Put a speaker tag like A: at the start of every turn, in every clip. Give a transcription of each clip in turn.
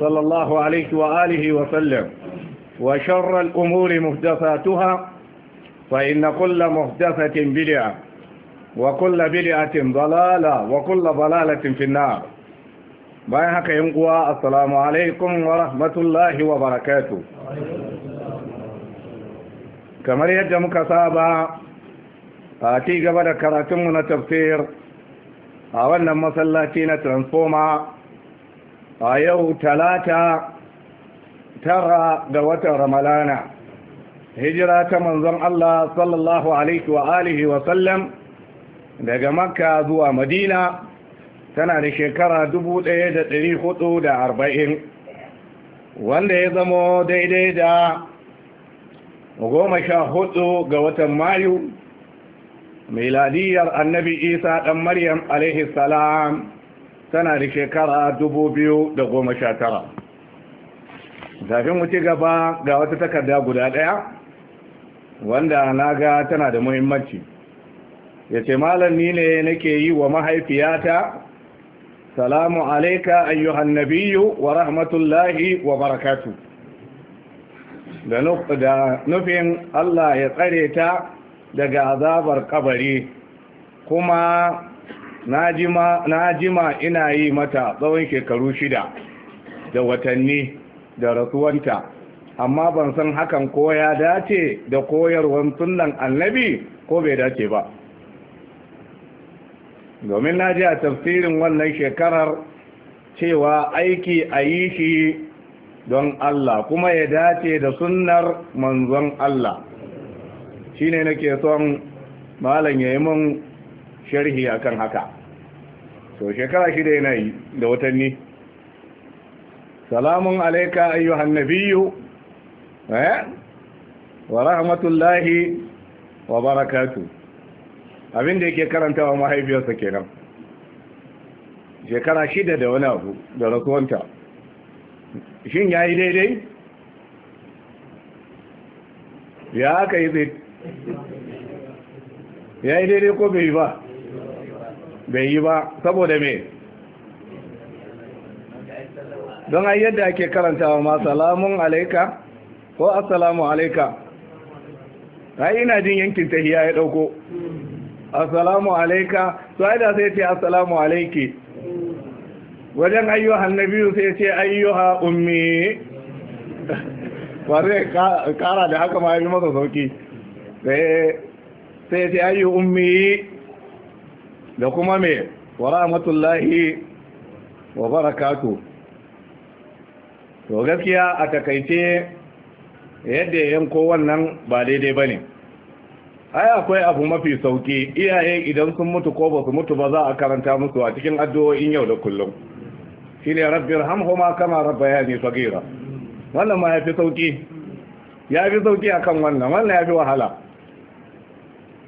A: صلى الله عليه وآله وسلم وشر الأمور مهدفاتها فإن كل مهدفة بدعة وكل بدعة ضلالة وكل ضلالة في النار بايحك ينقوى السلام عليكم ورحمة الله وبركاته كما يجمك سابا آتي قبل كراتمنا تفسير أولنا مسلاتين ترانسفورما a yau talata tara ga watan ramalana hijira ta manzon Allah sallallahu alaihi wa alihi wa sallam daga makka zuwa madina tana da shekara arba'in, wanda ya zamo daidai da goma sha hudu ga watan mayu miladiyar annabi isa ɗan maryam alaihi salam tana da shekara dubu biyu da goma sha tara. Zafin mu ci gaba ga wata takarda guda ɗaya wanda na ga tana da muhimmanci ya ce malam ni ne nake yi wa mahaifiyata salamu alaika ayyuhan nabiyu wa rahmatullahi wa barakatu da nufin Allah ya tsare ta daga azabar kabari kuma na jima ina yi mata tsawon shekaru shida da watanni da rasuwanta amma ban san hakan ko ya dace da koyarwar sunan annabi ko bai dace ba domin na ji a tafsirin wannan shekarar cewa aiki a yi shi don Allah kuma ya dace da sunnar manzon Allah shine nake son malam ya yi mun sharhi kan haka to shekara shida yana yi da watanni salamun alaika ayyuhan nabiyyu eh wa rahmatullahi wa barakatu abinda da yake karantawa mahaifiyarsa kenan shekara shida da wani abu da rasuwanta shin ya yi daidai ya aka yi zai ya yi daidai ko bai ba bai yi ba saboda me don a yadda ake karantawa ma salamun alaika ko assalamu alaika ai ina jin yankin tahiya ya dauko assalamu alaika su haida sai ce assalamu alaiki wajen ayyuha biyu sai ce ayyuhan ummi ba zai kara da haka ma yi masa sauki eh, sai ce ayyu ummi da kuma mai wa rahmatullahi wa barakatu to gaskiya a takaice yadda yanko wannan ba daidai ba ne ai akwai abu mafi sauki iyaye idan sun mutu ko ba su mutu ba za a karanta musu a cikin addu'o'in yau da kullum Shi shine rabbi irhamhuma kama ne fagira wannan ma fi sauki fi sauki akan wannan wannan fi wahala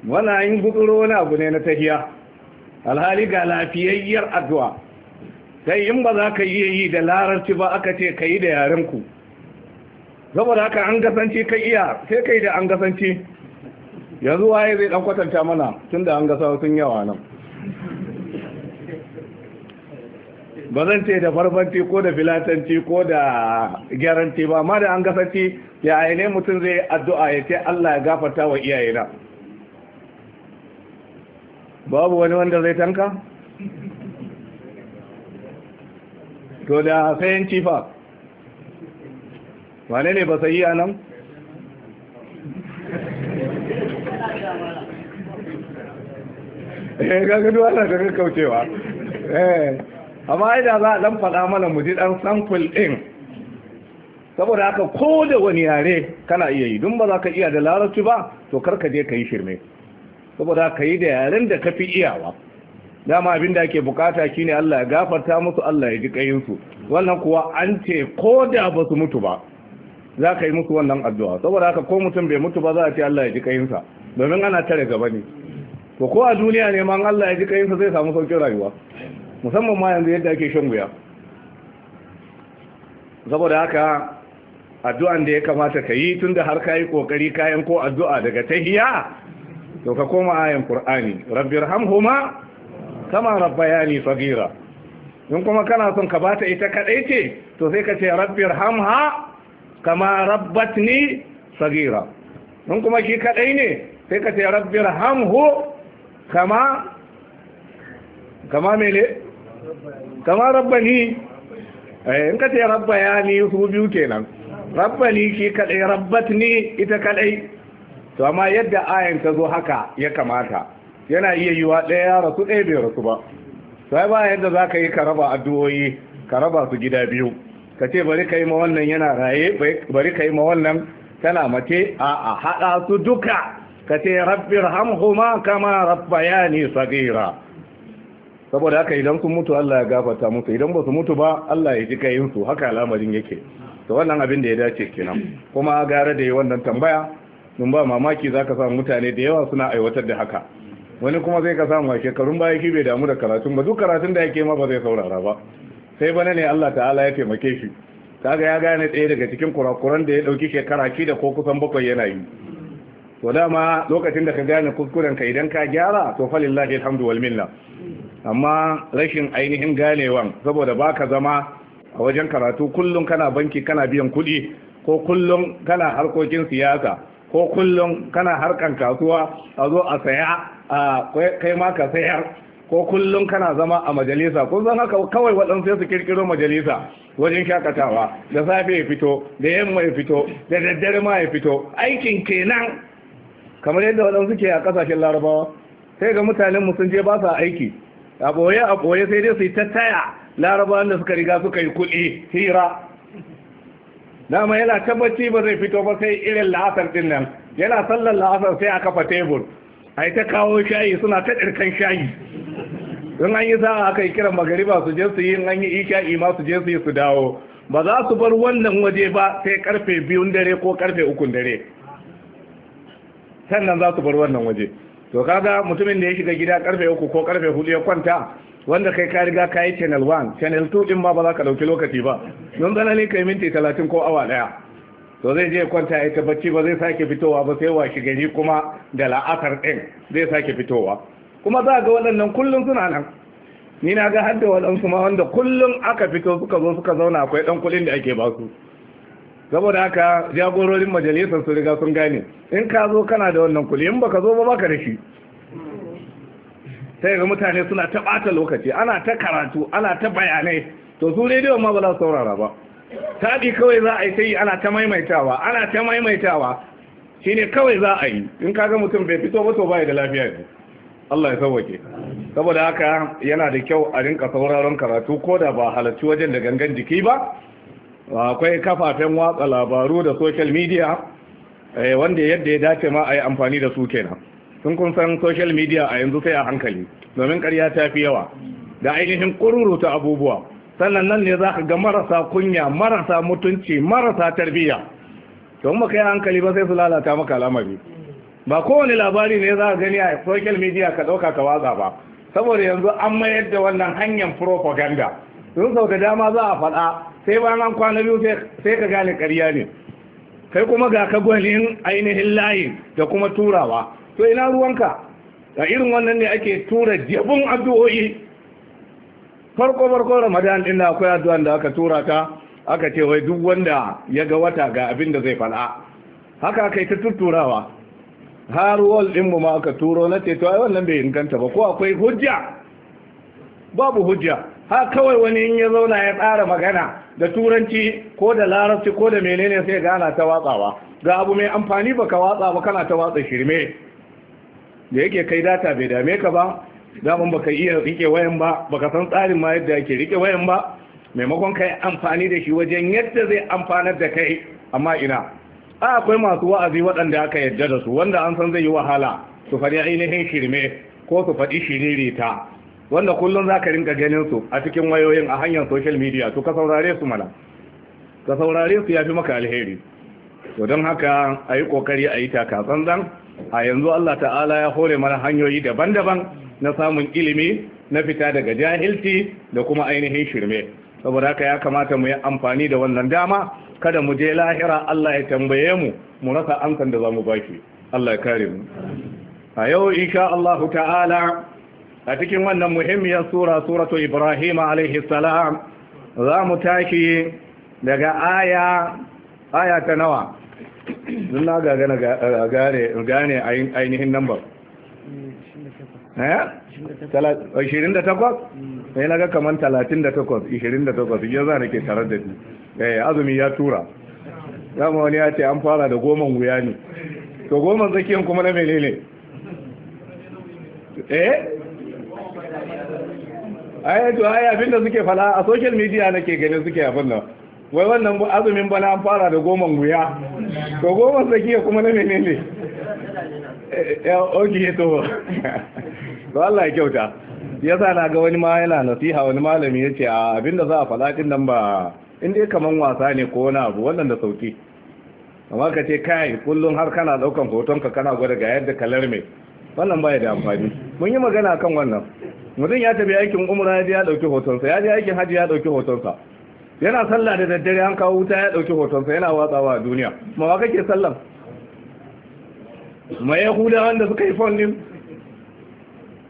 A: wannan yin gutsuro wani abu ne na tahiya alhali ga lafiyayyar addu'a sai in ba za ka iya yi da lararci ba aka ce ka yi da yarenku saboda haka an gasance ka iya sai ka yi da an yanzu waye zai dan kwatanta mana tun da an gasa sun yawa nan ba zan ce da farfanti ko da filatanci ko da gyaranci ba amma da an gasance ya aine mutum zai addu'a ya ce Allah ya gafata wa iyayena babu wani wanda zai tanka to da sayan cifa wane ne ba sayi a nan eh ga gado ana da kaucewa eh amma idan za a dan faɗa mana mu ji dan sample din saboda haka ko da wani yare kana iya yi don ba za ka iya da larabci ba to kar ka je ka yi shirme saboda ka yi da yaren da ka fi iyawa dama abin da ake bukata ne Allah ya gafarta musu Allah ya ji kayinsu wannan kuwa an ce ko da ba su mutu ba za ka yi musu wannan addu'a saboda haka ko mutum bai mutu ba za a ce Allah ya ji kayinsa domin ana tare gaba ne ko a duniya ne ma Allah ya ji kayinsa zai samu saukin rayuwa musamman ma yanzu yadda ake shan wuya saboda haka addu'an da ya kamata ka yi tun da har ka yi ƙoƙari kayan ko addu'a daga tahiya to ka koma ayan qur'ani rabbirhamhuma kama rabbayani saghira in kuma kana son ka bata ita kadai ce to sai ka ce irhamha kama rabbatni saghira in kuma shi kadai ne sai ka ce irhamhu kama kama mele kama rabbani eh, in ka ce rabbayani su biyu kenan rabbani shi kadai rabbatni ita kadai to amma yadda ayan ta zo haka ya kamata yana iya yi wa ɗaya ya rasu ɗaya bai rasu ba sai ba yadda za ka yi ka raba addu'o'i ka raba su gida biyu ka ce bari ka yi ma wannan yana raye bari ka yi ma wannan tana mace a a haɗa su duka ka ce rabbi rahamhuma kama rabbayani sagira saboda haka idan sun mutu Allah ya gafarta musu idan ba su mutu ba Allah ya ji kayin su haka lamarin yake to wannan abin da ya dace kenan kuma gara da yi wannan tambaya don ba mamaki za ka samu mutane da yawa suna aiwatar da haka wani kuma zai ka samu a shekarun baya shi bai damu da karatun ba duk karatun da yake ma ba zai saurara ba sai bana ne Allah ta'ala ya taimake shi kaga ya gane ɗaya daga cikin kurakuran da ya ɗauki shekara shi da ko kusan bakwai yana yi to dama lokacin da ka gane kuskuren ka idan ka gyara to falillahi alhamdu wal amma rashin ainihin ganewan saboda baka zama a wajen karatu kullum kana banki kana biyan kuɗi ko kullum kana harkokin siyasa ko kullum kana harkan kasuwa a zo a saya a kai ma ka sayar ko kullum kana zama a majalisa kun san haka kawai waɗansu su kirkiro majalisa wajen shakatawa da safe ya fito da yamma ya fito da daddare ma ya fito aikin kenan kamar yadda waɗansu ke a ƙasashen larabawa sai ga mutanen mu sun je ba sa aiki a ɓoye a ɓoye sai dai su yi ta larabawan da suka riga suka yi kuɗi hira dama yana tabbaci ba zai fito ba sai irin la'asar din nan yana sallar la'asar sai a kafa tebur a ta kawo shayi suna ta ɗirkan shayi in an yi sa'a aka yi kiran magariba su je su yi an yi isha'i ma su je su yi su dawo ba za su bar wannan waje ba sai karfe biyun dare ko karfe ukun dare sannan za su bar wannan waje to kaga mutumin da ya shiga gida karfe uku ko karfe hudu ya kwanta wanda kai ka riga ka yi channel 1 channel 2 din ma ba za ka dauki lokaci ba don ne kai minti 30 ko awa daya to zai je kwanta ya tabbaci ba zai sake fitowa ba sai washi gari kuma da la'asar ɗin zai sake fitowa kuma za ga waɗannan kullum suna nan ni na ga da waɗansu ma wanda kullum aka fito suka zo suka zauna akwai ɗan kuɗin da ake ba su saboda haka jagororin majalisar su riga sun gane in ka zo kana da wannan kuɗi in baka zo ba baka da shi sai ga mutane suna ta bata lokaci ana ta karatu ana ta bayanai to su rediyon ma ba za su saurara ba taɗi kawai za a yi sai ana ta maimaitawa ana ta maimaitawa Shi ne kawai za a yi in kaga mutum bai fito ba to ba da lafiya ne Allah ya sauwake saboda haka yana da kyau a rinka sauraron karatu ko da ba halarci wajen da gangan jiki ba akwai kafafen watsa labaru da social media eh, wanda yadda ya dace ma a yi amfani da su kenan sun kun san social media a yanzu sai a hankali domin karya ta fi yawa da ainihin kururuta abubuwa sannan nan ne za ka ga marasa kunya marasa mutunci marasa tarbiyya to mu kai hankali ba sai su lalata maka al'amari ba kowane labari ne za ka gani a social media ka ɗauka ka watsa ba saboda yanzu an mayar da wannan hanyar propaganda sun sau dama za a faɗa sai bayan an kwana biyu sai ka gane karya ne kai kuma ga ka gwanin ainihin layin da kuma turawa to ina ruwanka a irin wannan ne ake tura jabun addu'o'i farko farko ramadan din da akwai addu'an da aka tura ta aka ce wai duk wanda ya ga wata ga abin da zai fada haka kai yi ta tutturawa har wal din mu ma aka turo na ce to ai wannan bai inganta ba ko akwai hujja babu hujja ha kawai wani in ya zauna ya tsara magana da turanci ko da larabci ko da menene sai gana ta watsawa ga abu mai amfani baka watsa ba kana ta watsa shirme da yake kai data bai dame ka ba daman baka iya rike wayan ba baka san tsarin ma yadda yake rike wayan ba maimakon kai amfani da shi wajen yadda zai amfanar da kai amma ina a akwai masu wa'azi waɗanda aka yadda da su wanda an san zai yi wahala su faɗi ainihin shirme ko su faɗi shiririta wanda kullum za ka rinka ganin su a cikin wayoyin a hanyar social media to ka saurare su mana ka saurare su ya fi maka alheri to don haka a yi ƙoƙari a yi takatsantsan a yanzu Allah ta'ala ya hore mana hanyoyi daban-daban na samun ilimi na fita daga jahilci da kuma ainihin shirme saboda haka ya kamata mu yi amfani da wannan dama kada mu je lahira Allah ya tambaye mu mu rasa amsan da za mu baki Allah ya kare mu a yau insha Allah ta'ala a cikin wannan muhimmiyar sura suratu Ibrahim alaihi salam za mu tashi daga aya aya ta nawa don na gagana gane ainihin nambar
B: hmm,
A: eh? ashirin da takwas hmm. eh, na ga kamar talatin da takwas ishirin da takwas na ke tarar da ni eh, azumi ya tura dama wani ya ce an fara da goma wuya ne to goma zakiyan kuma na mene ne eh ai to da abinda suke fala a social media nake ganin suke abin nan wai wannan azumin bana an fara da goma wuya to goma tsakiya kuma na menene ne eh, eh, oke to Ba Allah ya kyauta yasa na ga wani ma yana nasiha wani malami ya ce a abinda za a faɗa nan ba in dai kaman wasa ne ko wani abu wannan da sauki amma ka ce kai kullum har kana ɗaukan hoton ka kana gwada ga yadda kalar mai wannan baya da amfani mun yi magana kan wannan mutum ya tafi aikin umra ya je ya ɗauki hotonsa ya je aikin hajji ya ɗauki hotonsa yana sallah da daddare an kawo wuta ya dauki hotonsa yana watsawa a duniya ma ba kake sallan ma yahuda wanda suka yi fon din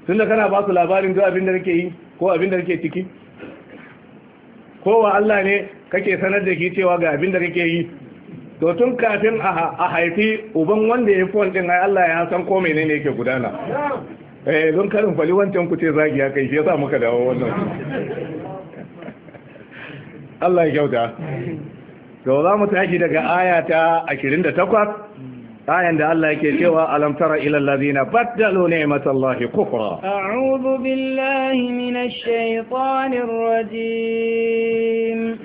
A: tun da kana ba su labarin duk abin da kake yi ko abin da kake ciki ko wa Allah ne kake sanar da ki cewa ga abin da kake yi to tun kafin a haifi uban wanda ya yi fon din ai Allah ya san ko menene yake gudana eh don karin fali wancan ku ce zagi ya kai shi yasa muka dawo
B: wannan
A: Allah ya kyauta to za mu tashi daga aya ta 28 ayan da Allah yake cewa alam tara ila allazina baddalu ni'matallahi kufra
C: a'udhu billahi minash shaitanir rajim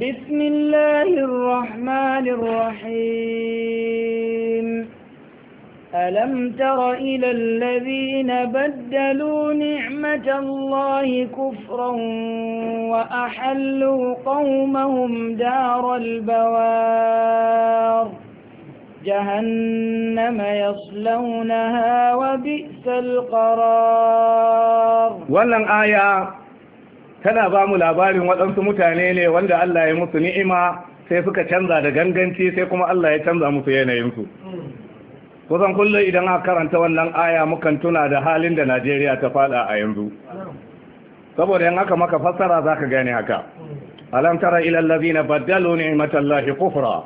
C: بسم rahmanir الرحمن ألم تر إلى الذين بدلوا نعمة الله كفرا وأحلوا قومهم دار البوار جهنم يصلونها وبئس القرار
A: wannan aya tana ba mu labarin waɗansu mutane ne wanda Allah ya musu ni'ima sai suka canza da ganganci sai kuma Allah ya canza musu yanayinsu kusan kullum idan aka karanta wannan aya mukan tuna da halin da najeriya ta fada a yanzu saboda yan aka maka fassara za ka gane haka alam tara na ladina ne ni'matallahi kufra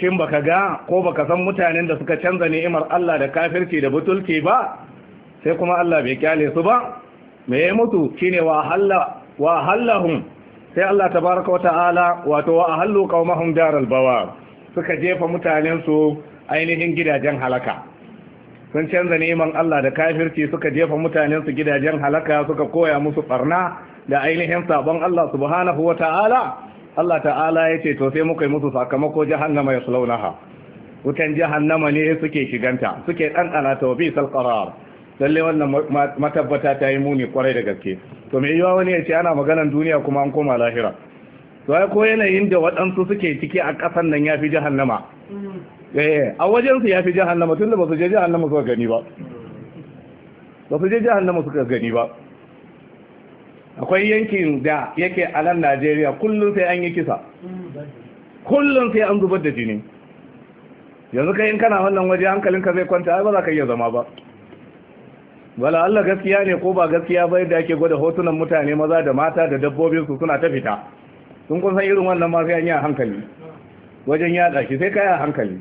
A: shin baka ga ko baka san mutanen da suka canza ni'imar Allah da kafirci da butulci ba sai kuma Allah bai kyale su ba me ya mutu shine wa halla wa hallahum sai Allah tabaaraka wa ta'ala wato wa ahallu qaumahum daral bawar suka jefa mutanen su ainihin gidajen halaka sun canza neman Allah da kafirci suka jefa mutanen su gidajen halaka suka koya musu barna da ainihin sabon Allah subhanahu wa ta'ala Allah ta'ala ya ce to sai muka yi musu sakamako jahannama ya sulaunaha wutan jahannama ne suke shiganta suke ɗanɗana ta sal, salƙarar lalle wannan matabbata ta yi muni kwarai da gaske to mai yiwa wani ya ce ana maganan duniya kuma an koma lahira to ai ko yanayin da waɗansu suke ciki a ƙasan nan ya fi jahannama eh a wajen su fi jahannama da ba su je jahannama suka gani ba ba su je jahannama suka gani ba akwai yankin da yake a nan Najeriya kullum sai an yi kisa kullum sai an zubar da jini yanzu kai in kana wannan waje hankalinka zai kwanta ai ba za ka iya zama ba wala Allah gaskiya ne ko ba gaskiya ba yadda ake gwada hotunan mutane maza da mata da dabbobin su suna ta fita sun kun san irin wannan ma sai an yi a hankali wajen yaɗa shi sai kai a hankali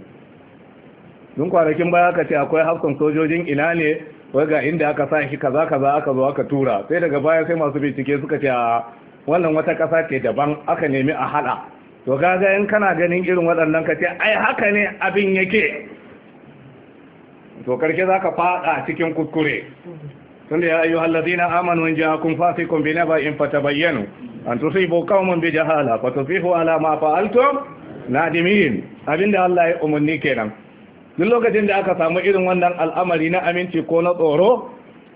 A: don kwanakin baya aka ce akwai hafsan sojojin ina ne wai ga inda aka sa shi kaza kaza aka zo aka tura sai daga baya sai masu bincike suka ce a wannan wata kasa ke daban aka nemi a hada to ga in kana ganin irin waɗannan ka ce ai haka ne abin yake to karke zaka fada cikin kuskure tunda ya ayyuhal ladina amanu in ja'akum fasiqun bi naba'in fatabayyanu an tusibu qauman bi jahala fatusbihu ala ma fa'altum nadimin abinda Allah ya umarni kenan duk lokacin da aka samu irin wannan al'amari na aminci ko na tsoro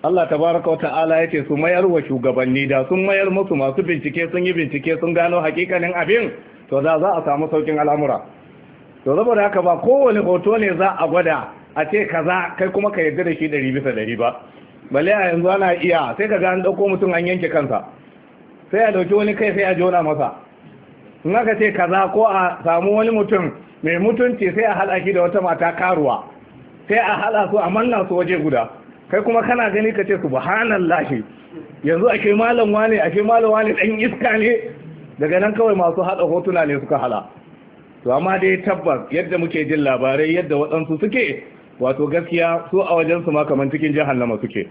A: Allah tabaraka wata'ala ya ce su mayar wa shugabanni da sun mayar musu masu bincike sun yi bincike sun gano hakikanin abin to za a samu saukin al'amura to saboda haka ba kowane hoto ne za a gwada a ce kaza kai kuma ka yarda da shi ɗari bisa ɗari ba balle a yanzu ana iya sai ka ga ɗauko mutum an yanke kansa sai a ɗauki wani kai sai a jona masa in aka ce kaza ko a samu wani mutum mai mutunci sai a haɗa shi da wata mata karuwa sai a haɗa su a manna su waje guda kai kuma kana gani ka ce subhanallahi yanzu ashe yanzu wane ashe malam wane dan iska ne daga nan kawai masu haɗa hotuna ne suka hala to amma dai tabbas yadda muke jin labarai yadda waɗansu suke wato gaskiya su a wajensu ma kamar cikin jahannama suke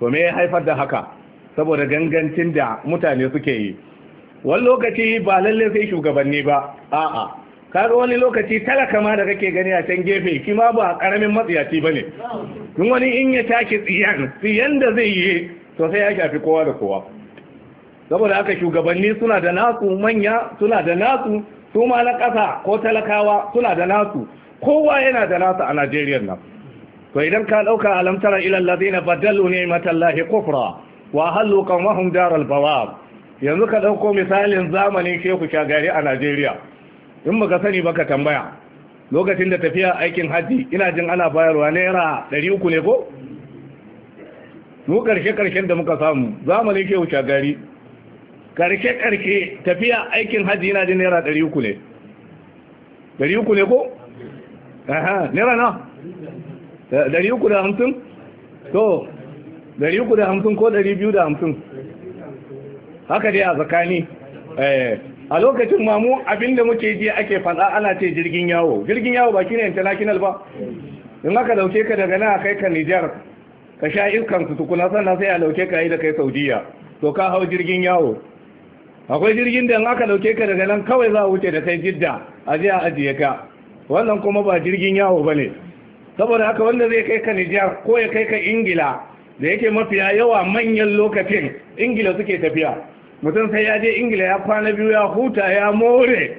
A: to me ya haifar da haka saboda gangancin da mutane suke yi wani lokaci ba lallai sai shugabanni ba a'a kaga wani lokaci talaka ma da kake gani a can gefe shi ma ba karamin matsiyaci bane Tun wani in ya take tsiyan tsiyan da zai yi to sai ya shafi kowa da kowa saboda haka shugabanni suna da nasu manya suna da nasu su ma na kasa ko talakawa suna da nasu kowa yana da nasu a Najeriya nan to idan ka dauka alamtara ilal ladina badalu ni'matallahi kufra wa halu qawmahum daral bawab yanzu ka dauko misalin zamanin Shehu Shagari a Najeriya in baka sani baka tambaya lokacin da tafiya aikin hajji ina jin ana bayarwa naira ɗari uku ne ko mu karshe karshen da muka samu zamanin ke wuce gari karshe karshe tafiya aikin hajji ina jin naira ɗari uku ne ɗari uku ne ko aha naira na ɗari uku da hamsin to ɗari uku da hamsin ko ɗari biyu da hamsin haka dai a tsakani eh a lokacin mamu abinda muke ji ake faɗa ana ce jirgin yawo jirgin yawo ba shine international ba in aka dauke ka daga nan kai ka Nijar ka sha iskan su tukuna sannan sai a dauke ka yi da kai Saudiya to ka hau jirgin yawo akwai jirgin da in aka dauke ka daga nan kawai za a wuce da kai Jidda a je a ajiye ka wannan kuma ba jirgin yawo bane saboda haka wanda zai kai ka Nijar ko ya kai ka Ingila da yake mafiya yawa manyan lokacin Ingila suke tafiya mutum sai ya je ingila ya kwana biyu ya huta ya more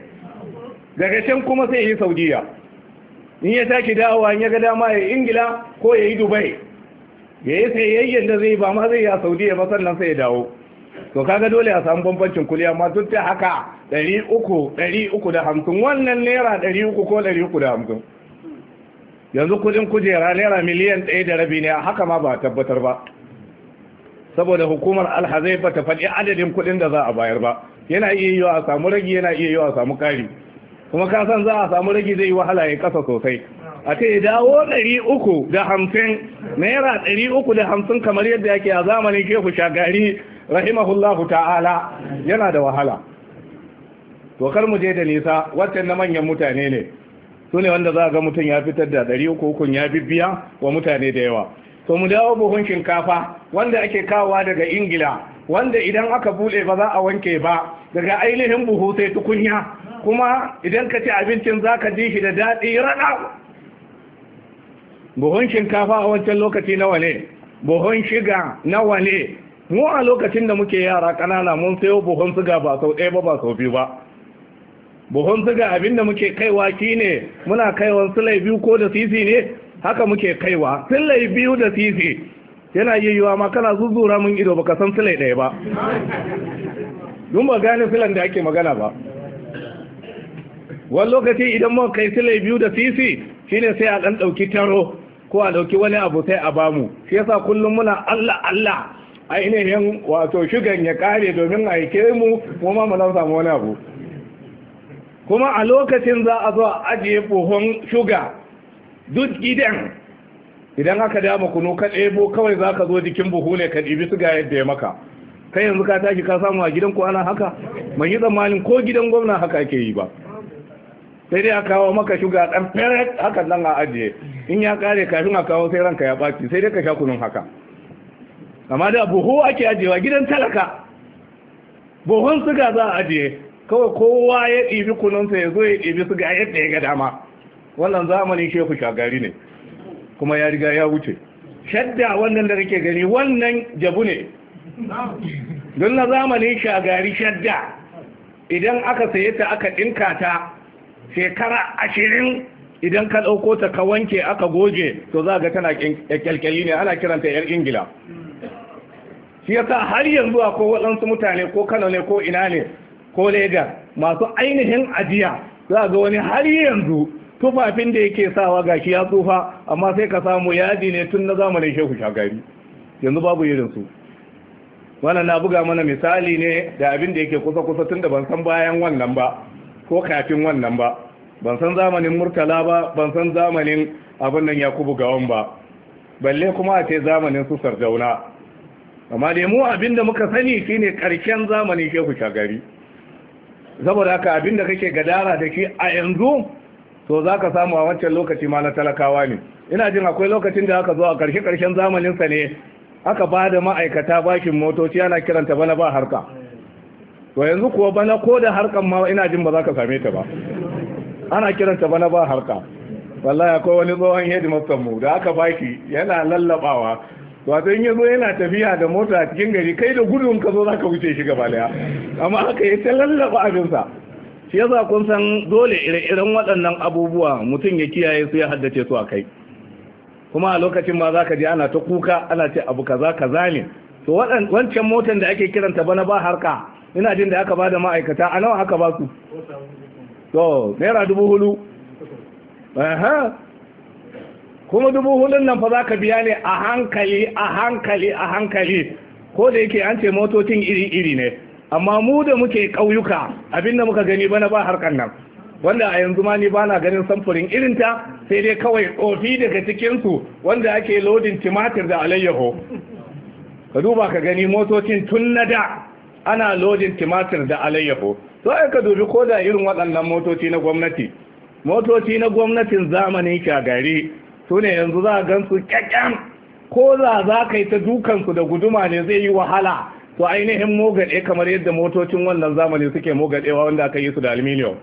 A: daga can kuma sai ya yi saudiya in ya sake dawowa ya ga dama ya ingila ko ya yi dubai ya yi sayayyen da zai ba ma zai ya saudiya ba sannan sai ya dawo to kaga dole a samu bambancin kuliya ma duk da haka ɗari uku wannan naira ɗari ko 350 yanzu kudin kujera naira miliyan ɗaya da rabi ne haka ma ba tabbatar ba saboda hukumar alhazaifa ta faɗi adadin kuɗin da za a bayar ba yana iya yi a samu ragi yana iya yi a samu ƙari kuma ka san za a samu ragi zai yi wahala ya kasa sosai a ce dawo ɗari uku da hamsin naira ɗari uku da hamsin kamar yadda yake a zamanin shehu shagari rahimahullahu ta'ala yana da wahala to kar mu je da nisa waccan na manyan mutane ne su ne wanda za a ga mutum ya fitar da ɗari uku ukun ya bibbiya wa mutane da yawa to mu dawo buhun shinkafa wanda ake kawowa daga ingila wanda idan aka bude ba za a wanke ba daga ainihin buhu sai tukunya kuma idan ka ci abincin za ka ji shi da daɗi rana buhun shinkafa a wancan lokaci nawa ne buhun shiga nawa ne mu a lokacin da muke yara ƙanana mun sayo buhun suga ba sau ɗaya ba ba sau biyu ba buhun siga abinda muke kaiwa shi ne muna kaiwan sulai biyu ko da sisi ne haka muke kaiwa sillai biyu da sisi yana yiwuwa ma kana zuzura mun ido baka san silai ɗaya ba dun ba gane silan da ake magana ba wani lokaci idan mun kai silai biyu da sisi shine sai a ɗan ɗauki taro ko a ɗauki wani abu sai a bamu shi yasa kullum muna Allah Allah ainihin wato shugan ya kare domin aike mu kuma mu mun samu wani abu kuma a lokacin za a zo a ajiye buhun shuga duk gidan idan aka dama kunu ka ɗebo kawai zaka zo jikin buhu ne ka ɗibi suga yadda ya maka kai yanzu ka tashi ka samu a gidan ku ana haka mai yi tsammanin ko gidan gwamna haka ake yi ba sai dai a kawo maka shuga ɗan ferret haka nan a ajiye in ya kare kafin a kawo sai ranka ya ɓaci sai dai ka sha kunun haka amma da buhu ake ajiyewa gidan talaka buhun suga za a ajiye kawai kowa ya ɗibi kununsa ya zo ya ɗibi suga yadda ya ga dama wannan zamanin shehu shagari ne kuma ya riga ya wuce shadda wannan da kake gani wannan jabu ne don na zamanin shagari shadda idan aka saye ta aka ɗinka ta shekara ashirin idan ka ɗauko ta ka wanke aka goge to za ga tana kyalkyali ne ana kiranta yar ingila shi yasa har yanzu a ko waɗansu mutane ko kano ne ko ina ne ko lagos masu ainihin ajiya za ga wani har yanzu tufafin da yake sawa gashi ya tsufa amma sai ka samu yadi ne tun na zamanin shehu shagari yanzu babu irin su wannan na buga mana misali ne da abin da yake kusa kusa tun da ban san bayan wannan ba ko kafin wannan ba ban san zamanin murtala ba ban san zamanin abin nan yakubu gawan ba balle kuma a ce zamanin su sardauna amma dai mu abin da muka sani shine karshen zamanin shehu shagari saboda haka abin da kake gadara da shi a yanzu so za ka samu a wancan lokaci ma na talakawa ne ina jin akwai lokacin da aka zo a karshe karshen sa ne aka ba da ma'aikata bakin motoci ana kiranta bana ba harka to yanzu kuwa bana ko da harkan ma ina jin ba za ka same ta ba ana kiranta bana ba harka wallahi akwai wani tsohon headmaster mu da aka baki yana lallabawa wato in yazo yana tafiya da mota a cikin gari kai da gudun ka zo zaka wuce shi gaba daya amma haka ya ta lallaba abinsa shi yasa kun san dole ire-iren waɗannan abubuwa mutum ya kiyaye su ya haddace su a kai kuma a lokacin ma za ka je ana ta kuka ana ce abu kaza kaza ne to wancan motan da ake kiranta bana ba harka ina jin da aka ba da ma'aikata a nawa aka ba su to naira dubu hulu kuma dubu hulun nan fa za ka biya ne a hankali a hankali a hankali ko da yake an ce motocin iri-iri ne amma mu da muke ƙauyuka abinda muka gani bana ba harkar nan wanda a yanzu ma ni bana ganin samfurin ta sai dai kawai tsofi daga cikin su wanda ake lodin timatir da alayyaho ka duba ka gani motocin tun na da ana lodin timatir da alayyaho to ai ka dubi ko da irin waɗannan motoci na gwamnati motoci na gwamnatin zamanin shagari su ne yanzu za a gan su kyakkyan ko za za ka yi ta dukansu da guduma ne zai yi wahala su ainihin mogaɗe kamar yadda motocin wannan zamani suke mogaɗewa wanda aka yi su da aluminium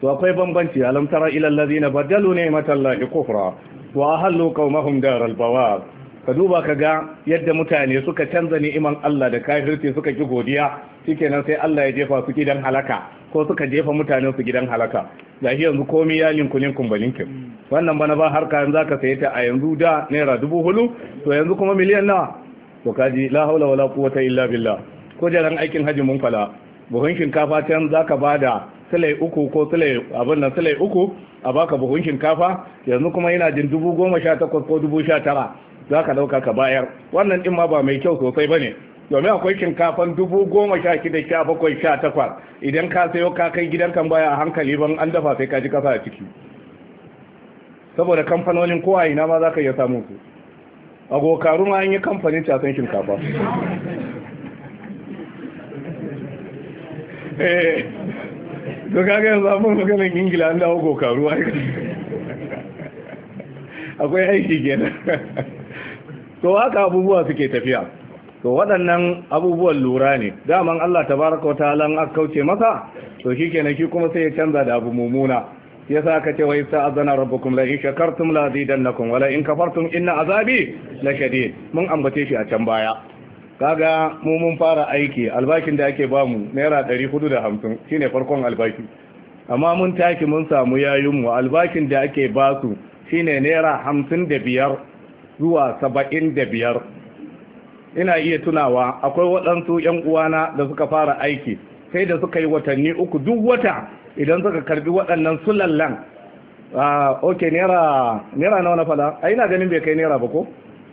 A: to akwai bambanci alam tara ila allazina badalu ni'matallahi kufra wa ahallu qaumahum daral bawar ka duba ka ga yadda mutane suka canza ni'iman Allah da kafirci suka ki godiya shikenan sai Allah ya jefa su gidan halaka ko suka jefa mutane su gidan halaka ga shi yanzu komai ya linkulin kumbalinkin wannan bana ba harka yanzu zaka saye ta a yanzu da naira dubu hulu to yanzu kuma miliyan nawa to kaji la haula wala quwwata illa billah ko jaran aikin haji mun fala buhun shinkafa can zaka bada sulai uku ko sulai abin nan sulai uku a baka buhun shinkafa yanzu kuma yana jin dubu goma sha takwas ko dubu sha tara za ka ɗauka ka bayar wannan din ma ba mai kyau sosai ba ne domin akwai shinkafan dubu goma sha shida sha bakwai sha takwas idan ka sayo ka kai gidan kan baya a hankali ban an dafa sai ka ji kasa a ciki saboda kamfanonin kowa ina ma za ka iya samun su a gokaru ma an yi kamfanin casan shinkafa eh to kaga yanzu abin maganin ingila an dawo gokaru akwai aiki kenan to haka abubuwa suke tafiya to waɗannan abubuwan lura ne daman Allah tabaraka wata halin an kauce masa to shikenan shi kuma sai ya canza da abu mumuna yasa ka ce wa azana rabbukum la in shakartum la zidannakum wala in kafartum inna azabi la shadid mun ambace shi a can baya kaga mu mun fara aiki albashin da ake bamu naira 450 shine farkon albashi amma mun taki mun samu yayin mu albashin da ake basu shine naira 55 zuwa 75 ina iya tunawa akwai waɗansu 'yan uwana da suka fara aiki sai da suka yi watanni uku duk wata idan suka karbi waɗannan sulallan a ok naira na nawa na fada a ina ganin bai kai naira ba ko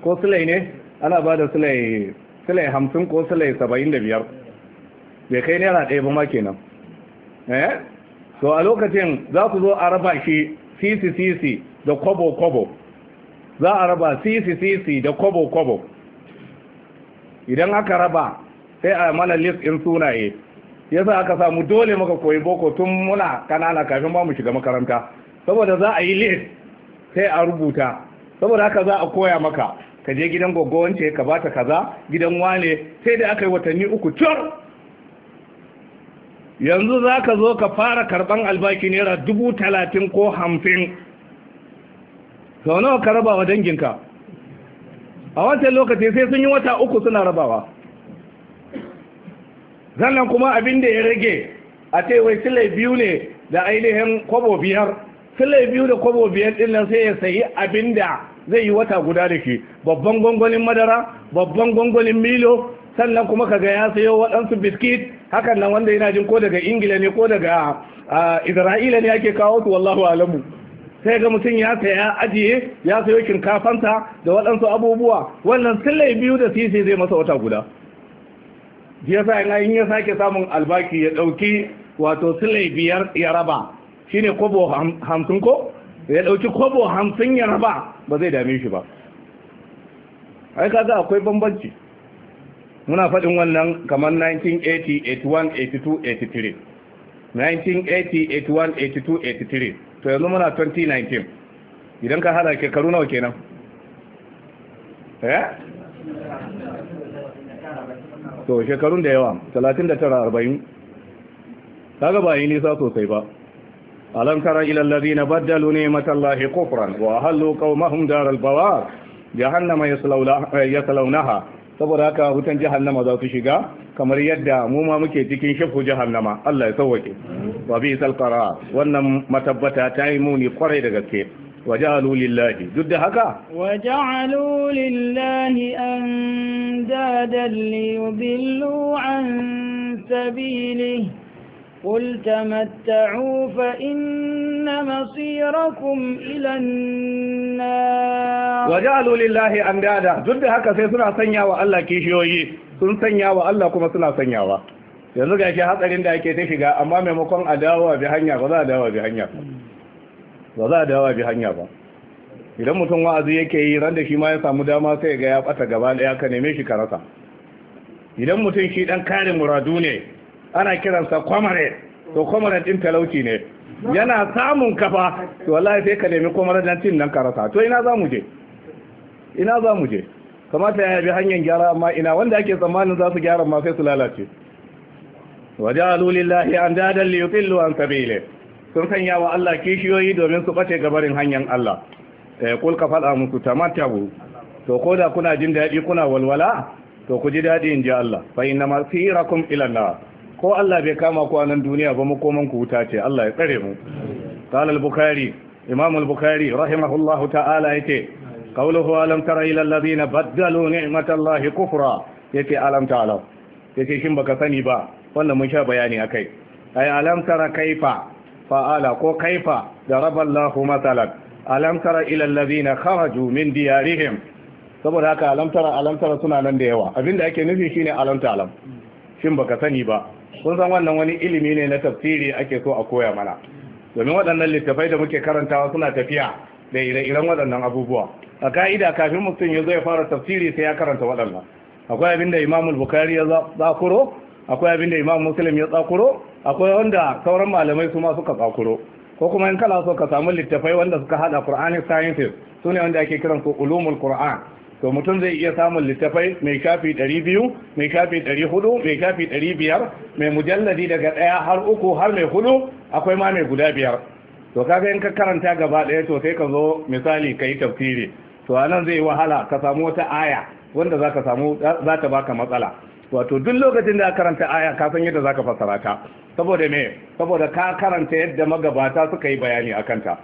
A: ko sulai ne ana ba da sulai hamsin ko sulai saba'in da biyar bai kai naira ɗaya ba ma kenan eh so a lokacin za ku zo a raba shi ccc da kwabo kwabo za a raba CCC da kwabo kwabo idan aka raba sai a mana list in sunaye yasa aka samu dole muka koyi boko tun muna kanana kafin ba mu shiga makaranta saboda za a yi lis sai a rubuta saboda haka za a koya maka ka je gidan wance ka bata kaza gidan wane sai da aka yi watanni uku cur yanzu za ka zo ka fara karban albaki naira dubu talatin ko hamsin sau nawa ka rabawa danginka a wancan lokaci sai sun yi wata uku suna rabawa sannan kuma abin da ya rage a ce wai silai biyu ne da ainihin kwabo biyar silai biyu da kwabo biyar din nan sai ya sayi abin da zai yi wata guda da shi babban gwangwanin madara babban gwangwanin milo sannan kuma kaga ya sayo waɗansu biskit hakan nan wanda yana jin ko daga ingila ne ko daga isra'ila ne ake kawo su wallahu alamu sai ga mutum ya saya ajiye ya sayo shinkafansa da waɗansu abubuwa wannan silai biyu da sisi zai masa wata guda shi yasa in ayin ya sake samun albaki ya dauki wato silai biyar ya raba shi ne kobo hamsin ko ya dauki kobo hamsin ya raba ba zai dame shi ba ai kaga akwai bambanci muna faɗin wannan kamar 1980 81 82 83 1980 81 82 83 to yanzu muna 2019 idan ka hada shekaru nawa kenan eh to shekarun da yawa 39-40 ta gaba yi nisa sosai ba alam tara na baddalo ne matallahi kufran wa ahallu qaumahum daral bawar jahannama salaunaha saboda haka hutun jahannama za su shiga kamar yadda mu ma muke cikin shafu jahannama Allah ya sauwake wa bi salqara wannan matabbata ta yi muni kwarai da gaske وجعلوا لله جد هكا
C: وجعلوا لله أندادا ليضلوا عن سبيله قل تمتعوا فإن مصيركم إلى النار
A: وجعلوا لله أندادا جد هكا سيسنا سنيا وألا كيشيوي سن سنيا وألا كما سنا سنيا وألا yanzu ga shi hatsarin da ake ta shiga amma maimakon a dawowa bi hanya ba za a dawowa bi hanya ba za a dawa bi hanya ba idan mutum wa'azi yake yi ran da shi ma ya samu dama sai ga ya bata gaba daya ka neme shi karasa rasa idan mutum shi dan kare muradu ne ana kiransa kwamare to kwamare din talauci ne yana samun kafa to wallahi sai ka nemi kwamare dan tin nan ka to ina za mu je ina za mu je kamata ya bi hanyar gyara amma ina wanda ake tsammanin za su gyara ma sai su lalace wajalu lillahi an dadan an sabilihi sun sanyawa Allah kishiyoyi domin su bace gabarin hanyar Allah eh kul musu ta tamattabu to ko da kuna jin daɗi, kuna walwala to ku ji dadi inji Allah fa inna ko Allah bai kama ku a nan duniya ba mu koman ku huta ce Allah ya tsare mu qala al-bukhari imam al-bukhari rahimahullahu ta'ala yace qawluhu alam tara ila alladhina baddalu ni'matallahi kufra yace alam ta'ala yace shin baka sani ba wannan mun sha bayani akai ay alam tara kaifa fa'ala ko kaifa da raballahu matsalar alamtara ilallazi na kharaju min diyarihim saboda haka alamtara alamtara suna nan da yawa abinda ake nufi shine alam shin baka sani ba kun san wannan wani ilimi ne na tafsiri ake so a koya mana domin waɗannan littafai da muke karantawa suna tafiya da ire-iren waɗannan abubuwa a ka'ida kafin mutum ya zo ya fara tafsiri sai ya karanta waɗannan akwai abinda da imam bukari ya zakuro akwai abin da imam muslim ya tsakuro akwai wanda sauran malamai su ma suka tsakuro ko kuma in kana so ka samu littafai wanda suka hada qur'anic sciences su ne wanda ake kiran su ulumul qur'an to mutum zai iya samun littafai mai shafi 200 mai shafi 400 mai shafi 500 mai mujalladi daga daya har uku har mai hudu akwai ma mai guda biyar to kaga in ka karanta gaba daya to sai ka zo misali ka yi tafsiri to anan zai wahala ka samu wata aya wanda za ka samu za ta baka matsala wato duk lokacin da ka karanta aya ka san yadda zaka fasara ta saboda me saboda ka karanta yadda magabata suka yi bayani akan ta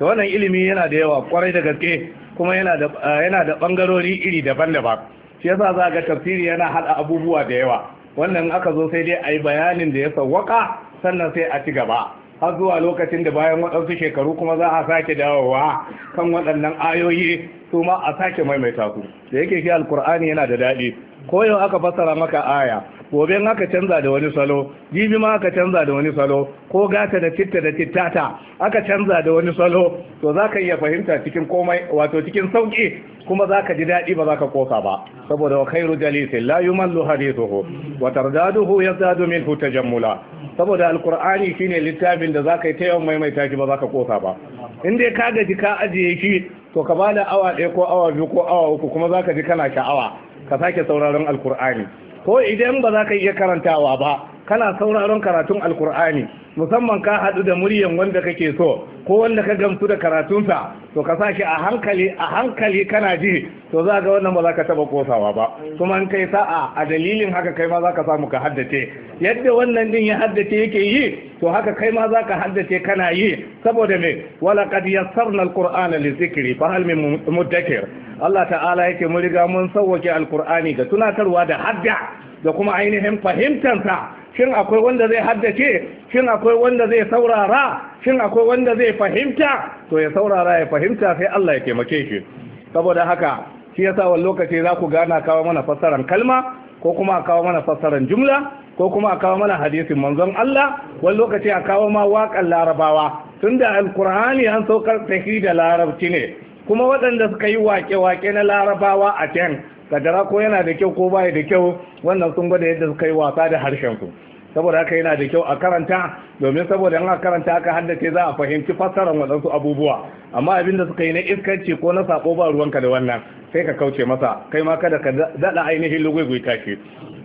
A: wannan ilimi yana da yawa kwarai da gaske kuma yana da yana bangarori iri daban-daban shi yasa za ga tafsiri yana hada abubuwa da yawa wannan aka zo sai dai ayi bayanin da ya sawwaka sannan sai a ci gaba har zuwa lokacin da bayan waɗansu shekaru kuma za a sake dawowa kan waɗannan ayoyi su ma a sake maimaita su da yake shi alkur'ani yana da daɗi ko yau aka fassara maka aya gobe in aka canza da wani salo jibi ma aka canza da wani salo ko gata da titta da tittata aka canza da wani salo to za ka iya fahimta cikin komai wato cikin sauƙi kuma za ka ji daɗi ba za ka kosa ba saboda wa khairu jalisin la yumallu hadithuhu wa tardaduhu yazdadu minhu tajammula saboda alkur'ani shine littafin da zaka yi ta yawan maimaita shi ba zaka kosa ba in dai ka gaji ka ajiye shi to ka bada awa ɗaya ko awa biyu ko awa uku kuma zaka ji kana sha'awa ka sake sauraron alkur'ani ko idan ba za ka iya karantawa ba kana sauraron karatun alkur'ani musamman ka haɗu da muryan wanda kake so ko wanda ka gamsu da karatunsa to ka sashi a hankali a hankali kana ji to za ga wannan ba za ka taɓa kosawa ba kuma in kai sa'a a dalilin haka kai ma za ka samu ka haddace yadda wannan din ya haddace yake yi to haka kai ma za ka haddace kana yi saboda me wala qad yassarna alqur'ana lizikri fa hal min muddakir Allah ta'ala yake mun riga mun sauwake alqur'ani ga tunatarwa da hadda da kuma ainihin fahimtansa shin akwai wanda zai haddace shin akwai wanda zai saurara shin akwai wanda zai fahimta to ya saurara ya fahimta sai Allah ya taimake shi saboda haka shi yasa wani lokaci za ku gana kawo mana fassaran kalma ko kuma a kawo mana fassaran jumla ko kuma a kawo mana hadisin manzon Allah wani lokaci a kawo ma waƙan larabawa da alkur'ani an saukar tafi da larabci ne kuma waɗanda suka yi wake-wake na larabawa a can kadara ko yana da kyau ko baya da kyau wannan sun gwada yadda suka yi wasa da harshen su saboda haka yana da kyau a karanta domin saboda in karanta aka haddace za a fahimci fassarar waɗansu abubuwa amma abin da suka yi na iskanci ko na sako ba ruwanka da wannan sai ka kauce masa kai ma kada ka daɗa ainihin lugwigwi take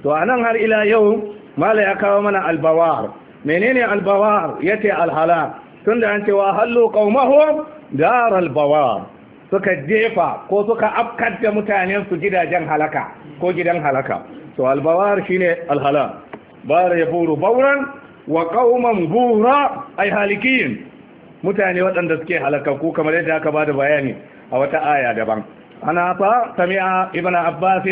A: to a nan har ila yau mala ya kawo mana albawar menene albawar yace alhala tunda an cewa hallo qaumahum dar albawar suka jefa ko suka afkar da mutanen su gidajen halaka ko gidan halaka to albawar shine alhala bara ya furu bauran wa qauman bura ay halikin mutane waɗanda suke halaka ko kamar yadda aka bada bayani a wata aya daban ana fa sami'a ibnu abbas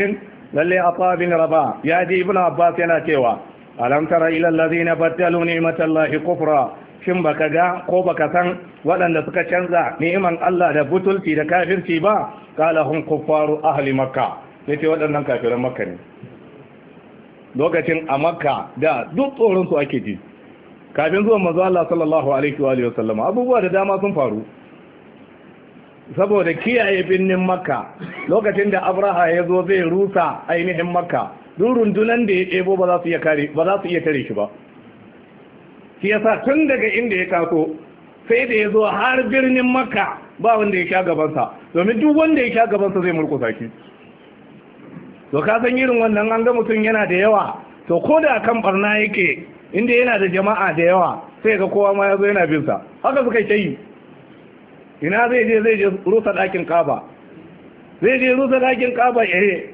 A: lalle afa bin raba ya ji ibnu abbas yana cewa alam tara ila alladhina badalu ni'matallahi kufra shin baka ga ko baka san waɗanda suka canza ni'iman Allah da butulci da kafirci ba qala kufaru kuffaru ahli makka ce waɗannan kafiran makka ne lokacin a makka da duk tsoronsu su ake ji kafin zuwa manzo Allah sallallahu alaihi wa sallam abubuwa da dama sun faru saboda kiyaye birnin makka lokacin da abraha ya zo zai rusa ainihin makka duk rundunan da ya ɗebo ba ba za su iya tare shi ba shi yasa tun daga inda ya kaso sai da ya zo har birnin makka ba wanda ya sha gabansa domin duk wanda ya sha gabansa zai murkusa shi to ka san irin wannan an ga mutum yana da yawa to ko da kan barna yake inda yana da jama'a da yawa sai ga kowa ma ya zo yana bin sa haka suka yi ina zai je zai je rusa ɗakin kaba zai je rusa ɗakin kaba eh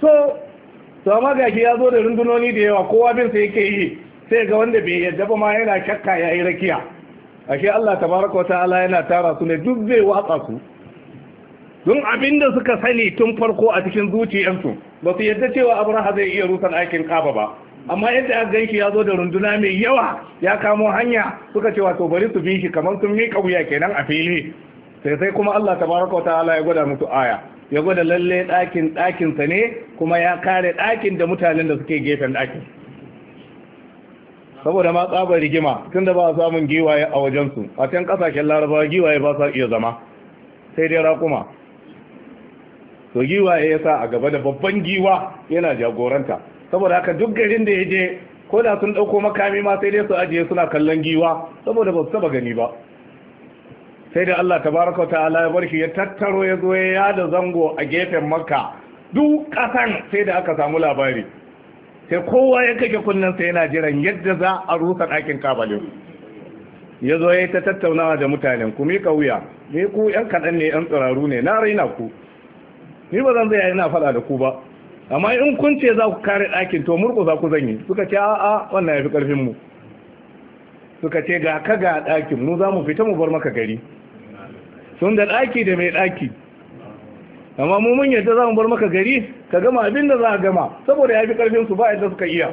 A: to to amma gashi ya zo da rundunoni da yawa kowa bin sa yake yi sai ga wanda bai yadda ba ma yana shakka ya yi rakiya ashe Allah tabaraka wa ta'ala yana tara su ne duk zai watsa su don abin da suka sani tun farko a cikin zuciyarsu ba su yadda cewa abraha zai iya rusan aikin kaba ba amma yadda aka gan shi ya zo da runduna mai yawa ya kamo hanya suka cewa to bari su bi shi kamar sun miƙa wuya kenan a fili sai sai kuma Allah tabaraka wa ta'ala ya gwada musu aya ya gwada lalle ɗakin ɗakinsa ne kuma ya kare ɗakin da mutanen da suke gefen ɗakin saboda ma tsabar rigima tunda ba samun giwaye a wajensu a can kasashen laraba giwaye ba sa iya zama sai dai raƙuma to giwaye ya sa a gaba da babban giwa yana jagoranta saboda haka duk garin da ya je ko da sun ɗauko makami ma sai dai su ajiye suna kallon giwa saboda ba su taba gani ba sai da Allah tabaraka wa ta'ala ya bar ya tattaro ya zo ya yada zango a gefen makka duk ƙasan sai da aka samu labari sai kowa ya kake kunnen sai yana jiran yadda za a rusa ɗakin kabalin ya zo ya yi ta tattaunawa da mutanen ku mika wuya ne ku yan kaɗan ne yan tsiraru ne na raina ku ni ba zan zaya yana faɗa da ku ba amma in kun ce za ku kare ɗakin to murku za ku zanyi suka ce a'a wannan ya fi ƙarfin mu suka ce ga ka ga ɗakin mu za mu fita mu bar maka gari sun da ɗaki da mai ɗaki amma mu mun yadda za mu bar maka gari ka gama abin da za a gama saboda ya fi karfin su ba yadda suka iya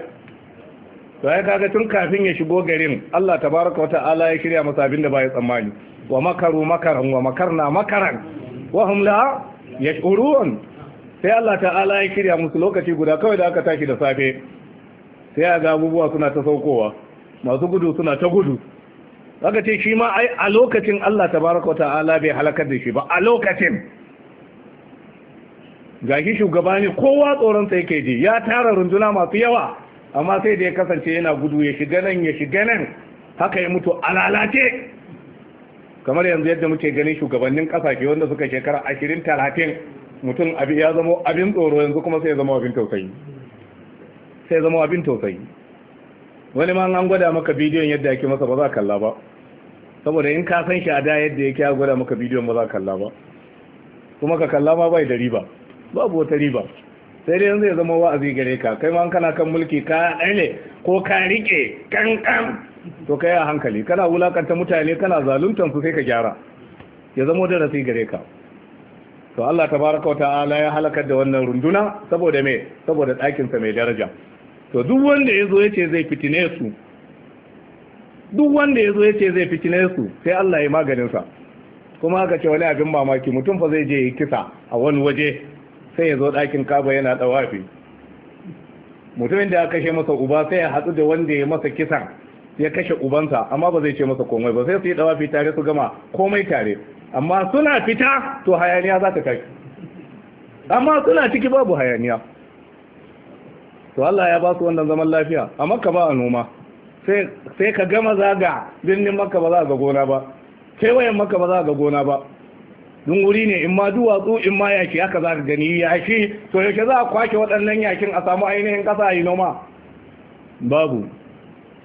A: to ya kaga tun kafin ya shigo garin Allah tabaraka ala ya shirya masa abin da ba ya tsammani wa makaru makaran wa makarna makaran wa hum la yash'urun sai Allah ta'ala ya shirya musu lokaci guda kawai da aka tashi da safe sai ga abubuwa suna ta saukowa masu gudu suna ta gudu aka ce shi ma ai a lokacin Allah tabaraka wata'ala bai halakar da shi ba a lokacin gashi shugaba ne kowa tsoron sa ke ji ya tara runduna masu yawa amma sai da ya kasance yana gudu ya shiga nan ya shiga nan haka ya mutu alalace kamar yanzu yadda muke ganin shugabannin kasashe wanda suka shekara ashirin talatin mutum abin ya zama abin tsoro yanzu kuma sai ya zama abin tausayi sai zama abin tausayi wani ma an gwada maka bidiyon yadda yake masa ba za kalla ba saboda in ka san shi a da yadda yake ya gwada maka bidiyon ba za kalla ba kuma ka kalla ma bai da riba babu wata riba sai dai yanzu ya zama wa'azi gare ka kai ma kana kan mulki ka ɗane ko ka rike kankan to kai a hankali kana wulakanta mutane kana zaluntan su sai ka gyara ya zama da rasi gare ka to Allah tabaraka wa ta'ala ya halakar da wannan runduna saboda me saboda ɗakin sa mai daraja to duk wanda yazo yace zai fitine su duk wanda yazo yace zai fitine su sai Allah ya maganin sa kuma aka ce wani abin mamaki mutum fa zai je ya yi kisa a wani waje sai ya zo ɗakin kaba yana ɗawafi mutumin da ya kashe masa uba sai ya hatsu da wanda ya masa kisan ya kashe ubansa amma ba zai ce masa komai ba sai su yi ɗawafi tare su gama komai tare amma suna fita to hayaniya za ta kai amma suna ciki babu hayaniya to Allah ya ba su wannan zaman lafiya a makka ba a noma sai ka gama zaga birnin makka ba za ga gona ba kewayen makka ba za ga gona ba don wuri ne in ma duwatsu in ma yaki haka za ka gani yaki to yake za a kwashe waɗannan yakin a samu ainihin ƙasa a yi noma babu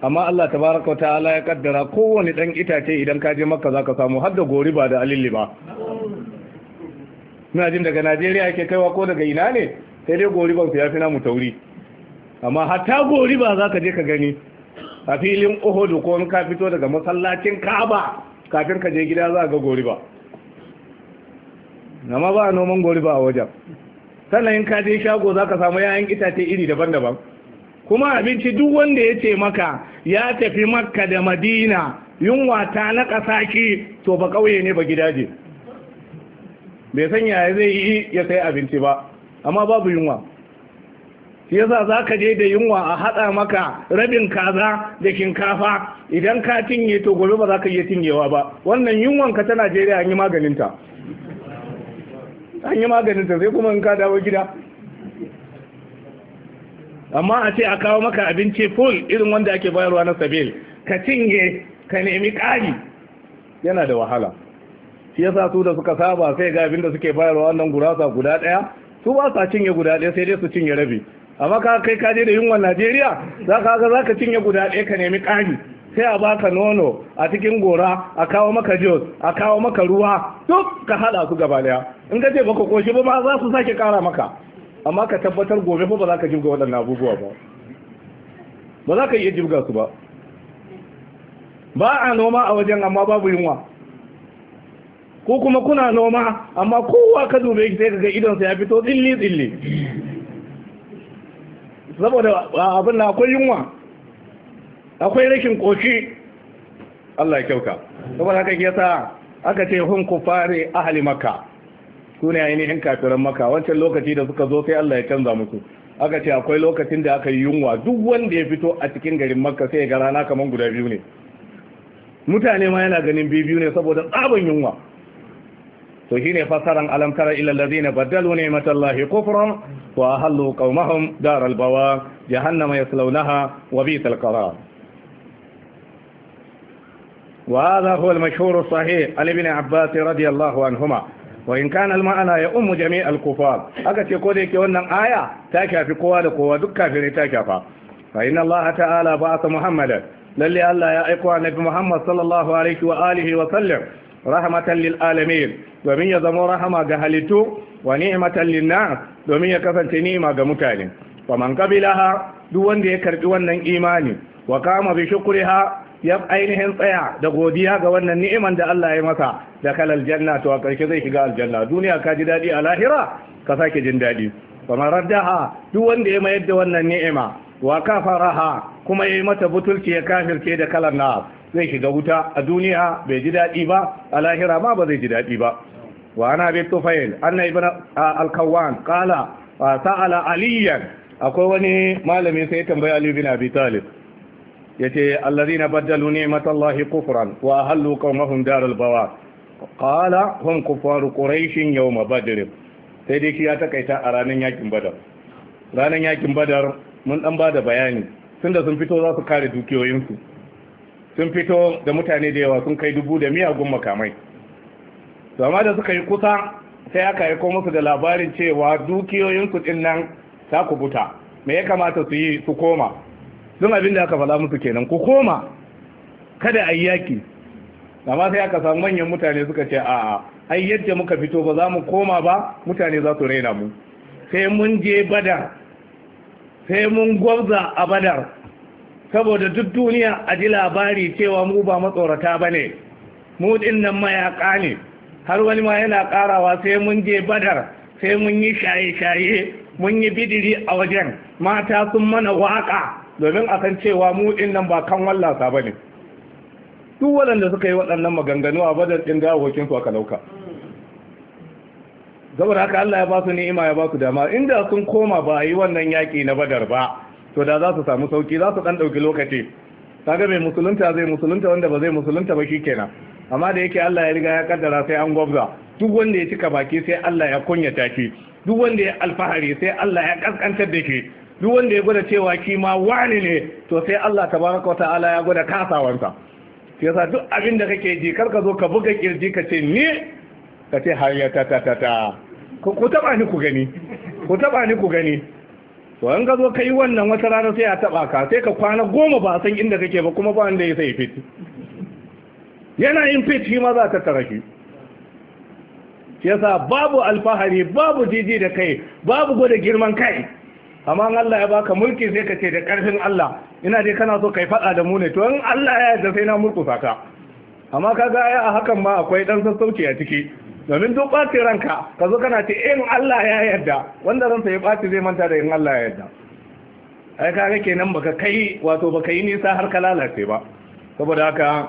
A: amma Allah tabaraka wa ta'ala ya kaddara kowane ɗan itace idan ka je makka za ka samu har da goriba da ba na jin daga najeriya ke kaiwa ko daga ina ne sai dai goriban su ya fi namu tauri amma hatta goriba za ka je ka gani a filin ohudu ko in ka fito daga masallacin kaba kafin ka je gida za ga goriba amma ba a noman gori ba a wajen sannan in ka je shago za ka samu yayan itace iri daban-daban kuma abinci duk wanda ya ce maka ya tafi makka da madina yunwa ta na ƙasaki to ba ƙauye ne ba gida gidaje bai san yaya zai yi ya sai abinci ba amma babu yunwa shi yasa za ka je da yunwa a haɗa maka rabin kaza da shinkafa idan ka cinye to gobe ba za ka iya cinyewa ba wannan yunwanka ta najeriya an yi maganinta an yi maganin sai kuma in ka dawo gida amma a ce a kawo maka abinci full irin wanda ake bayarwa na sabil ka cinye ka nemi ƙari yana da wahala shi yasa su da suka saba sai ga abinda suke bayarwa wannan gurasa guda ɗaya su ba sa cinye guda ɗaya sai dai su cinye rabi amma ka kai kaje da yunwa Najeriya za ka ga za ka cinye guda ɗaya ka nemi kari. sai a baka nono a cikin gora a kawo maka jos a kawo maka ruwa duk ka hada su gaba daya in ka ce baka koshi ba ma za su sake kara maka amma ka tabbatar gobe ba za ka jibga waɗannan abubuwa ba ba za ka iya jibga su ba ba a noma a wajen amma babu yunwa ko kuma kuna noma amma kowa ka dube sai ka ga idonsa ya fito tsilli tsilli saboda abin na akwai yunwa akwai rashin koshi Allah ya kyauka saboda haka ke sa aka ce hun kufari ahli makka su ne ainihin kafiran makka wancan lokaci da suka zo sai Allah ya canza musu aka ce akwai lokacin da aka yi yunwa duk wanda ya fito a cikin garin makka sai ga rana kamar guda biyu ne mutane ma yana ganin biyu ne saboda tsaban yunwa to shine fasaran alam tara ila alladhina badalu ni'matallahi kufran wa ahallu qaumahum daral bawa jahannama yaslawnaha wa bi'sal qarar وهذا هو المشهور الصحيح عن ابن عباس رضي الله عنهما وإن كان المعنى يؤم جميع الكفار أكتي كوديك وأن آية تكافي قوى لقوى دكا في تكافى فإن الله تعالى بعث محمدا للي ألا يأقوى نبي محمد صلى الله عليه وآله وسلم رحمة للعالمين ومن يزمو رحمة جهلتو ونعمة للناس ومن يكفن تنيمة جمتاني ومن قبلها دون ذكر دون إيماني وقام بشكرها ya ainihin tsaya da godiya ga wannan ni'iman da Allah ya masa da kalal janna to a karshe zai shiga aljanna duniya ka ji dadi a lahira ka sake jin dadi kamar raddaha duk wanda ya mayar da wannan ni'ima wa kafaraha kuma yayi mata butulci ya kafirce da kalan na zai shiga wuta a duniya bai ji dadi ba a lahira ma ba zai ji dadi ba wa ana bi tufail anna ibn al-kawwan qala sa'ala aliyan akwai wani malami sai ya tambaya ali bin abi talib yace allazina baddalu ni'matallahi kufran wa ahallu qawmahum daral bawa qala hum kufaru quraish yawma badr sai dai ya takaita a ranar yakin badar ranar yakin badar mun dan bada bayani tunda sun fito za su kare dukiyoyinsu sun fito da mutane da yawa sun kai dubu da miyagun makamai to amma da suka yi kusa sai aka aiko musu da labarin cewa dukiyoyinsu din nan ta kubuta me ya kamata su yi su koma don abin da aka fada musu kenan ko koma kada a yaki amma sai aka samu manyan mutane suka ce a ai yadda muka fito ba za mu koma ba mutane za su raina mu sai mun je badar sai mun gwabza a badar saboda duk duniya a ji labari cewa mu ba matsorata ba ne mu ɗin nan mayaƙa ne har wani ma yana ƙarawa sai mun je badar sai mun yi shaye-shaye mun yi bidiri a wajen mata sun mana waƙa domin a san cewa mu din nan ba kan wallasa ba ne duk waɗanda suka yi waɗannan maganganu a bada ɗin gawakin su aka lauka saboda haka Allah ya ba su ni'ima ya ba su dama inda sun koma ba a yi wannan yaƙi na badar ba to da za su samu sauki za su ɗan ɗauki lokaci kaga mai musulunta zai musulunta wanda ba zai musulunta ba shi kenan amma da yake Allah ya riga ya kaddara sai an gwabza duk wanda ya cika baki sai Allah ya kunyata shi duk wanda ya alfahari sai Allah ya kaskantar da shi duk wanda ya gwada cewa kima wani ne to sai Allah tabaraka wata'ala ya gwada kasawansa sai yasa duk abin da kake ji kar ka zo ka buga kirji ka ce ni ka ce har ya ta ta ta ta ku taba ni ku gani ku taba ni ku gani to an ka zo kai wannan wata rana sai a taba ka sai ka kwana goma ba san inda kake ba kuma ba wanda ya sai fit yana yin fit shi ma za ta tara shi yasa babu alfahari babu jiji da kai babu gwada girman kai amma in Allah ya baka mulki sai ka ce da ƙarfin Allah ina dai kana so kai faɗa da mu ne to in Allah ya yarda sai na mulku ka amma ka ai a hakan ma akwai dan sassauci a ciki domin duk ɓaci ranka ka zo kana ce in Allah ya yarda wanda ransa ya ɓaci zai manta da in Allah ya yarda ai ga kenan baka kai wato baka yi nisa har ka lalace ba saboda haka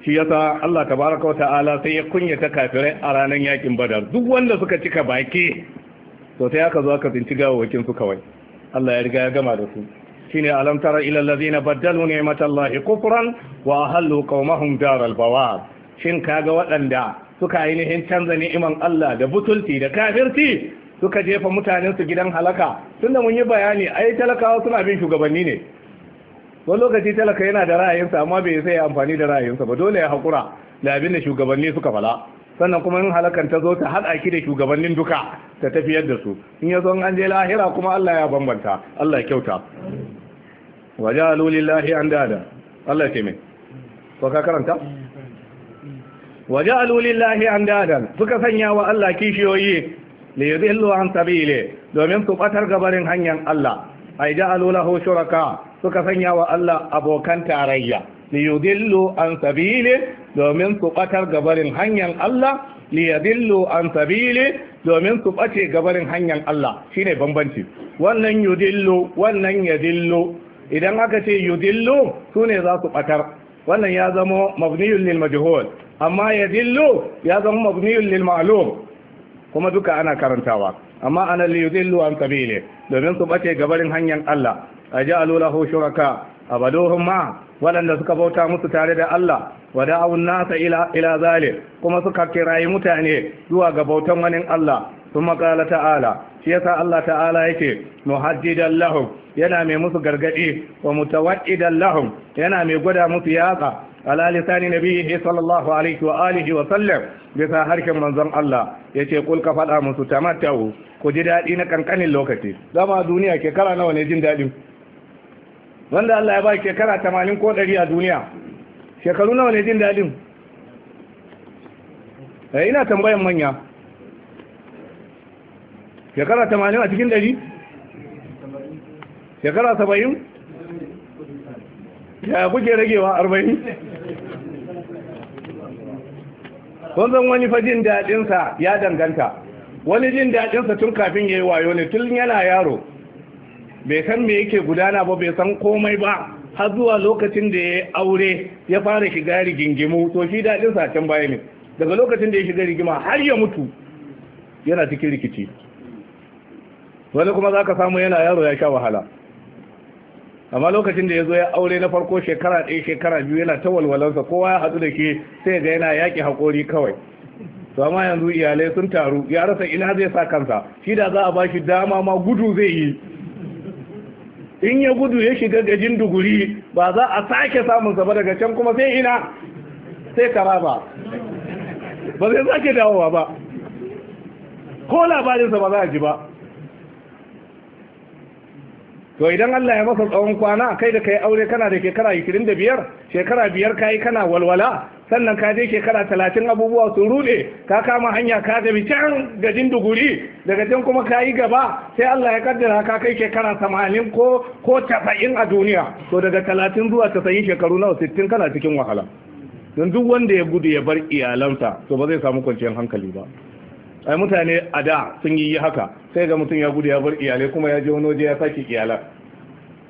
A: shi yasa Allah tabaraka wata'ala sai ya kunyata kafirai a ranar yakin badar duk wanda suka cika baki to sai aka zo aka tsinci gawawakin su kawai Allah ya riga ya gama da su shine alam tara ila allazina baddalu ni'matallahi kufran wa ahallu qaumahum daral bawar shin kaga waɗanda suka ainihin canza ni'iman Allah da butulci da kafirci suka jefa mutanen su gidan halaka tunda mun yi bayani ai talakawa suna bin shugabanni ne wani lokaci talaka yana da ra'ayinsa amma bai sai amfani da ra'ayinsa ba dole ya hakura da abin da shugabanni suka fala sannan kuma in halakan ta zo ta haɗa ki da shugabannin duka ta tafiyar da su in ya zo an je lahira kuma Allah ya bambanta Allah ya kyauta waje alulillahi an dada Allah ya ce min ka karanta waje alulillahi an dada suka sanya wa Allah kishiyoyi da ya zillu an sabile domin su fatar gabarin hanyar Allah ai ja'alu lahu shuraka suka sanya wa Allah abokan tarayya liyudillu an sabili domin su batar gabarin hanyar Allah liyadillu an sabili domin su bace gabarin hanyar Allah shine bambanci wannan yudillu wannan yadillu idan aka ce yudillu sune za su batar wannan ya zama mabniyun lil majhul amma yadillu ya zama mabniyun lil ma'lum kuma duka ana karantawa amma ana liyudillu an sabili domin su bace gabarin hanyar Allah ajalu lahu shuraka a ma waɗanda suka bauta musu tare da Allah wada abun nasa ila zale kuma suka kirayi mutane zuwa ga bautan wani Allah su makala ta'ala shi yasa Allah ta'ala yake muhajjidan lahum yana mai musu gargaɗi wa mutawaddidan lahum yana mai gwada musu yaka ala lisani nabihi sallallahu alaihi wa alihi wa sallam bisa harshen manzon Allah ya ce ka faɗa musu tamattau ku ji daɗi na kankanin lokaci zama duniya ke kara nawa ne jin dadin wanda Allah ya ba shekara tamanin ko ɗari a duniya shekaru nawa ne jin daɗin eh, ina tambayan manya shekara tamanin a cikin ɗari shekara saba'in ya kuke ragewa arba'in wanzan wani fa jin daɗinsa ya danganta wani jin daɗinsa tun kafin ya yi wayo ne tun yana yaro bai san me yake gudana ba bai san komai ba har zuwa lokacin da ya aure ya fara shiga rigingimu to shi daɗin sa baya ne daga lokacin da ya shiga rigima har ya mutu yana cikin rikici wani kuma za ka samu yana yaro ya sha wahala amma lokacin da ya zo ya aure na farko shekara ɗaya shekara biyu yana ta walwalansa kowa ya haɗu da ke sai ga yana yaƙi haƙori kawai to amma yanzu iyalai sun taru ya rasa ina zai sa kansa shi da za a ba shi dama ma gudu zai yi in ya gudu ya shiga gajin duguri ba za a sake samun ba daga can kuma sai ina sai karaba ba zai sake dawowa ba ko labarinsa ba za a ji ba to idan Allah ya masa tsawon kwana kai da kai aure kana da shekara 25 shekara biyar kai kana walwala sannan ka je shekara 30 abubuwa sun rude ka kama hanya ka tafi can gajin duguri daga can kuma ka yi gaba sai Allah ya kaddara ka kai shekara 80 ko ko 90 a duniya to daga 30 zuwa 90 shekaru nawa 60 kana cikin wahala don duk wanda ya gudu ya bar iyalansa to ba zai samu kwanciyar hankali ba ai mutane a da sun yi haka sai ga mutum ya gudu ya bar iyalai kuma ya je wani waje ya sake iyalai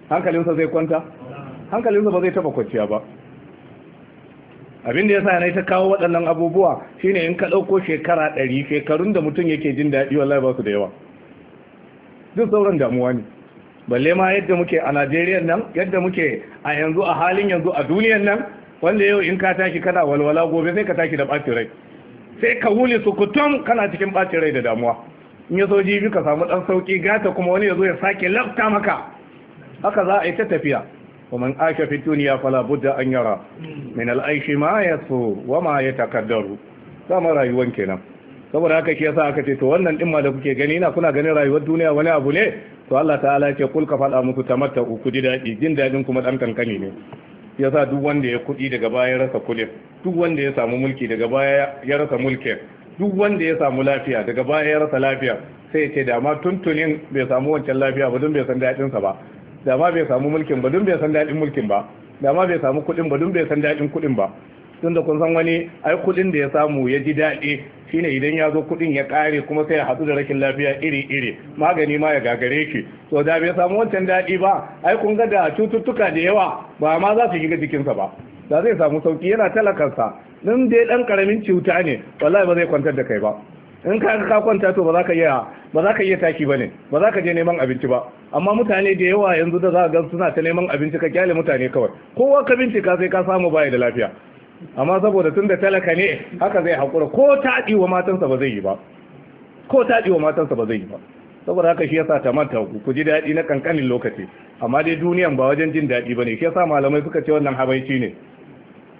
A: hankalinsa zai kwanta hankalinsa ba zai taba kwanciya ba abinda ya sa na ta kawo waɗannan abubuwa shine in ka ɗauko shekara ɗari shekarun da mutum yake jin daɗi wallahi ba su da yawa duk sauran damuwa ne balle ma yadda muke a najeriya nan yadda muke a yanzu a halin yanzu a duniyan nan wanda yau in ka tashi kana walwala gobe sai ka tashi da ɓacin rai sai ka wuli sukutum kana cikin ɓacin rai da damuwa in ya zo jibi ka samu ɗan sauƙi gata kuma wani ya zo ya sake lafta maka haka za a yi ta tafiya ومن fala في الدنيا فلا بد
B: أن
A: ma ya so wa ma ya يتقدر sama rayuwan kenan saboda haka shi yasa aka ce to wannan din ma da kuke gani na kuna ganin rayuwar duniya wani abu ne to Allah ta'ala ce kul ka fada muku tamatta ku ji dadi jin daɗin kuma dan kankani ne yasa duk wanda ya kudi daga baya ya rasa kulin duk wanda ya samu mulki daga baya ya rasa mulki duk wanda ya samu lafiya daga baya ya rasa lafiya sai ya ce da ma tuntunin bai samu wancan lafiya ba don bai san daɗin sa ba da bai samu mulkin ba don bai san daɗin mulkin ba da bai samu kuɗin ba don bai san daɗin kuɗin ba tun da kun san wani ai kuɗin da ya samu ya ji daɗi shine idan ya zo kuɗin ya kare kuma sai ya haɗu da rakin lafiya iri iri magani ma ya gagare shi to da bai samu wancan daɗi ba ai kun ga da cututtuka da yawa ba ma za su shiga jikinsa ba da zai samu sauki yana talakansa nan dai dan karamin cuta ne wallahi ba zai kwantar da kai ba in ka ka kwanta to ba za ka iya ba za ka yi taki bane ba za ka je neman abinci ba amma mutane da yawa yanzu da za ga suna ta neman abinci ka kyale mutane kawai kowa ka bincika sai ka samu baya da lafiya amma saboda tun da talaka ne haka zai haƙura ko taɗi wa matansa ba zai yi ba ko taɗi wa matansa ba zai yi ba saboda haka shi yasa ta manta ku ji daɗi na kankanin lokaci amma dai duniyan ba wajen jin daɗi ba ne shi yasa malamai suka ce wannan habaici ne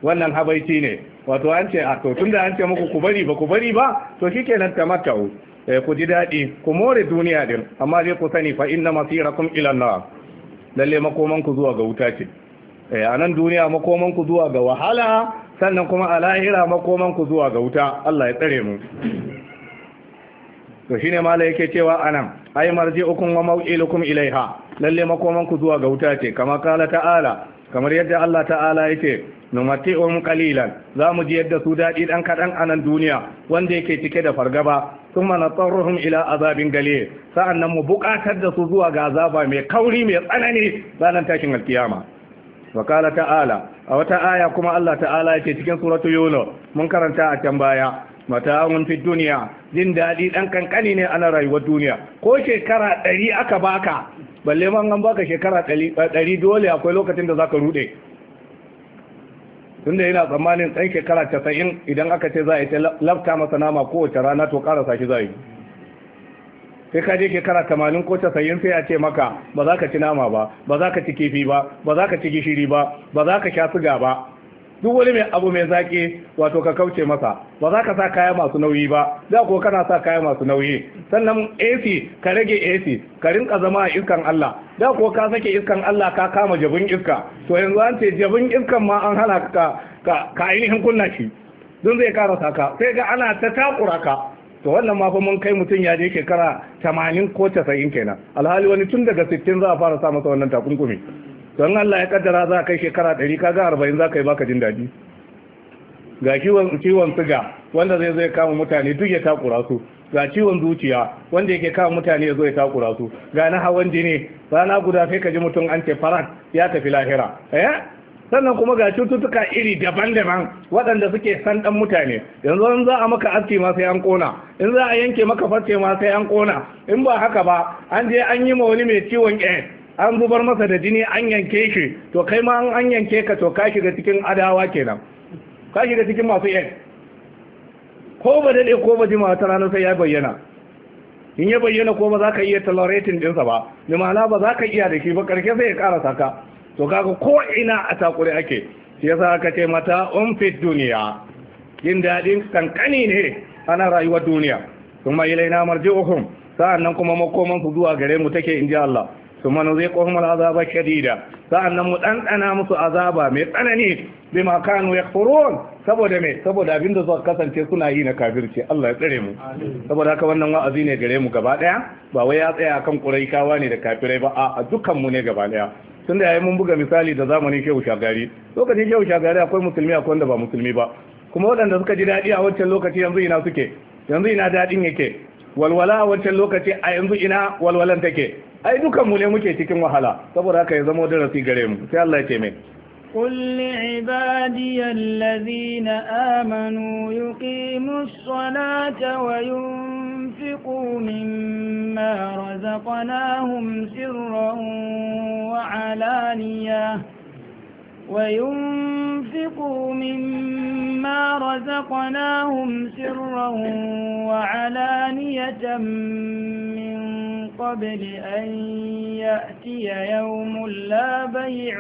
A: wannan habaici ne wato an ce a to tunda an ce muku ku bari ba ku bari ba to shikenan tamatta'u eh, ku ji daɗi ku more duniya din amma dai ku sani fa inna masirakum ila Allah lalle makoman ku zuwa ga wuta ce eh, a nan duniya makoman ku zuwa ga wahala sannan kuma a lahira makoman ku zuwa ga wuta Allah ya tsare mu to shine malai yake cewa anan ay marji'ukum wa maw'ilukum ilaiha lalle makoman ku zuwa ga wuta ce Kamar kala ta'ala kamar yadda Allah ta'ala yake numati'um qalilan za mu ji yadda su daɗi ɗan kaɗan a nan duniya wanda yake cike da fargaba thumma natarruhum ila azabin sa'an nan mu buƙatar da su zuwa ga azaba mai kauri mai tsanani ranar tashin alkiyama wa qala ta'ala a wata aya kuma Allah ta'ala yake cikin suratu yunus mun karanta a can baya mata'un fi duniya jin daɗi ɗan kankani ne ana rayuwar duniya ko shekara ɗari aka baka balle man an baka shekara ɗari dole akwai lokacin da zaka rude tunda yana tsammanin ɗan shekara casa'in idan aka ce za a yi ta lafta masa nama kowace rana to ƙarasa shi za yi sai ka je shekara tamanin ko casa'in sai a ce maka ba za ka ci nama ba ba za ka ci kifi ba ba za ka ci gishiri ba ba za ka sha suga ba duk wani mai abu mai zaƙi wato ka kauce masa ba za ka sa kaya masu nauyi ba da ko kana sa kaya masu nauyi sannan AC ka rage AC ka rinka zama a iskan Allah da ko ka sake iskan Allah ka kama jabin iska to yanzu an ce jabin iskan ma an hana ka ka ainihin kunna shi don zai kara saka sai ga ana ta takura ka to wannan ma fa mun kai mutum ya je shekara 80 ko 90 kenan alhali wani tun daga 60 za a fara sa masa wannan takunkumi don Allah ya kaddara za kai shekara 100 kaga arba'in za ka yi baka jin daɗi ga ciwon siga wanda zai zai kama mutane duk ya takura su ga ciwon zuciya wanda yake kama mutane ya zo ya takura su ga na hawan jini rana guda sai ka ji mutum an ce farat ya tafi lahira eh? sannan kuma ga cututtuka iri daban-daban waɗanda suke san ɗan mutane yanzu an za a maka aski ma sai an ƙona in za a yanke maka farce ma sai an ƙona in ba haka ba an je an yi ma wani mai ciwon ƙes an zubar masa da jini an yanke shi to kai ma an yanke ka to ka shiga cikin adawa kenan ka shiga cikin masu yan ko ba daɗe ko ba jima ta ranar sai ya bayyana in ya bayyana ko ba za ka iya tolerating ɗinsa ba da ma'ana ba za ka iya da shi ba karshe sai ya ƙara saka to kaga ko ina a takure ake shi yasa ka ce mata on um fit duniya yin daɗin kankani ne ana rayuwar duniya kuma ilaina marji'uhum sa'annan kuma makoman su zuwa gare mu take inji Allah ثم نذيقهم العذاب الشديد فأنا متأنتنا مسو عذابا متأنني بما كانوا يكفرون saboda me saboda abin da zuwa kasance suna yi na kafirci Allah ya tsare mu saboda haka wannan wa'azi ne gare mu gaba daya ba wai ya tsaya kan kuraikawa ne da kafirai ba a dukkan mu ne gaba daya Tunda da yayi mun buga misali da zamanin Shehu Shagari lokacin Shehu Shagari akwai musulmi akwai wanda ba musulmi ba kuma waɗanda suka ji daɗi a wancan lokaci yanzu ina suke yanzu ina daɗin yake walwala a wancan lokaci a yanzu ina walwalan take ai dukan mu ne muke cikin wahala saboda haka ya zama darasi gare mu sai Allah ya ce mai
C: قل لعبادي الذين آمنوا يقيموا الصلاة وينفقوا مما رزقناهم سرا وعلانيةً وينفقوا مما رزقناهم سرا وعلانية من قبل أن يأتي يوم لا بيع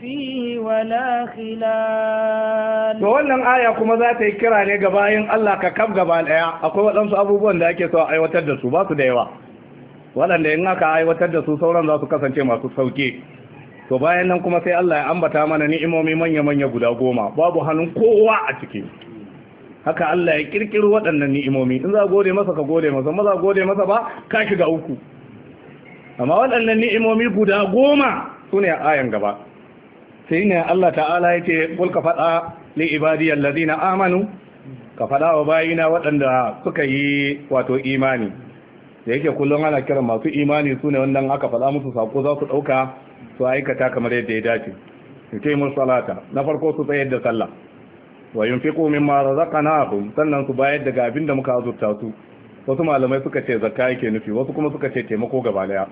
C: فيه ولا خلال wannan
A: aya kuma za ta yi kira ne ga bayan Allah ka kaf gaba ɗaya. akwai waɗansu abubuwan da ake so a aiwatar da su ba da yawa waɗanda in aka aiwatar da su sauran za su kasance masu sauke to bayan nan kuma sai Allah ya ambata mana ni'imomi manya-manya guda goma babu hannun kowa a ciki haka Allah ya kirkiro waɗannan ni'imomi in za gode masa ka gode masa maza gode masa ba ka shiga uku amma waɗannan ni'imomi guda goma su ne ayan gaba sai ne Allah ta'ala ya ce kul ka faɗa li ibadi ladina amanu ka faɗa wa bayina waɗanda suka yi wato imani da yake kullum ana kiran masu imani su ne wannan aka faɗa musu sako za su ɗauka su aikata kamar yadda ya dace yuqimu salata na farko su tsayar da sallah wa yunfiqu mimma razaqnahum sannan su bayar daga abin da muka azurta su wasu malamai suka ce zakka yake nufi wasu kuma suka ce taimako gaba daya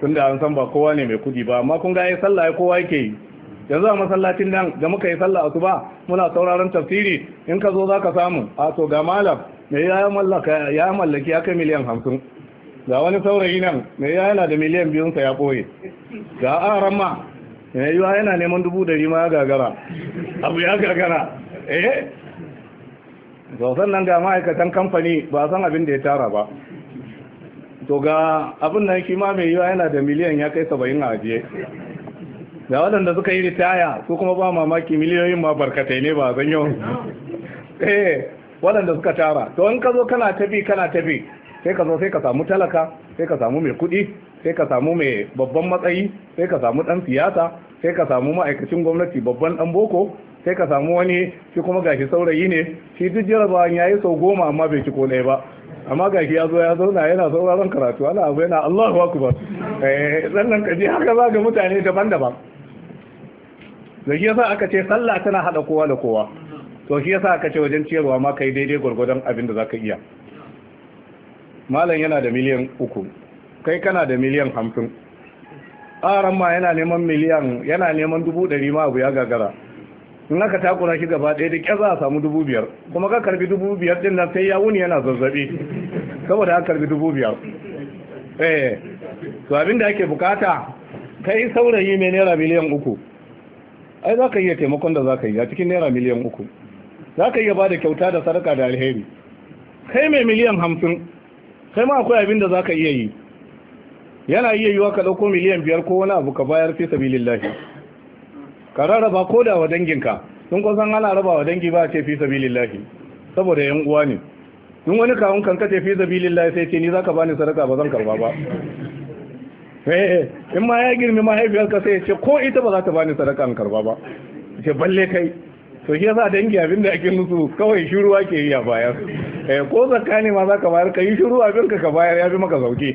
A: tunda an san ba kowa ne mai kudi ba amma kun ga yayin sallah kowa yake yi yanzu a masallacin nan da muka yi sallah asuba muna sauraron tafsiri in ka zo zaka samu a to ga malam ya mallaka ya mallaki aka miliyan hamsin ga wani saurayi nan mai yawa yana da miliyan biyunsa ya ɓoye ga aran ma mai yawa yana neman dubu dari ma ya gagara abu ya gagara eh sausan nan ga ma'aikatan kamfani ba san abin da ya tara ba to ga abin nan shi ma mai yawa yana da miliyan ya kai saba'in a ajiye ga waɗanda suka yi ritaya su kuma ba mamaki miliyoyin ma barkatai ne ba zan yau eh waɗanda suka tara to in ka zo kana tafi kana tafi sai ka zo sai ka samu talaka sai ka samu mai kuɗi sai ka samu mai babban matsayi sai ka samu ɗan siyasa sai ka samu ma'aikacin gwamnati babban ɗan boko sai ka samu wani shi kuma gashi saurayi ne shi duk jarabawan ya yi sau goma amma bai ci ko ɗaya ba amma gashi ya zo ya zauna yana sauraron karatu ana abu yana Allahu akbar eh sannan ka ji haka ga mutane daban-daban da shi yasa aka ce sallah tana hada kowa da kowa to shi yasa aka ce wajen ciyarwa ma kai daidai gwargwadon abin da zaka iya malam yana da miliyan uku kai kana da miliyan hamsin ƙaran ma yana neman miliyan yana neman dubu ɗari ma abu ya gagara in aka takura shi gaba ɗaya da ƙyar za a samu dubu biyar kuma ka karbi dubu biyar ɗin nan sai ya wuni yana zazzaɓi saboda aka karbi dubu biyar eh to abin da ake bukata kai saurayi mai naira miliyan uku ai za ka iya taimakon da za ka yi a cikin naira miliyan uku za ka iya ba da kyauta da sadaka da alheri kai mai miliyan hamsin kai ma akwai abin da ka iya yi yana iya wa ka ɗauko miliyan biyar ko wani abu ka bayar fi sabilillahi ka rarraba ko da wa danginka sun kusan ana raba wa dangi ba ce fi sabilillahi saboda yan uwa ne in wani kawun kan kace fi sabilillahi sai ce ni zaka bani sadaka ba zan karba ba eh, in ma ya girmi mahaifiyarka sai ya ce ko ita ba za ta bani sadaka an karba ba ce balle kai to shi yasa dangi abin da ake musu kawai shiru ake yi a bayar eh, ko tsakani ma zaka bayar ka yi shiru abin ka ka bayar ya fi maka sauki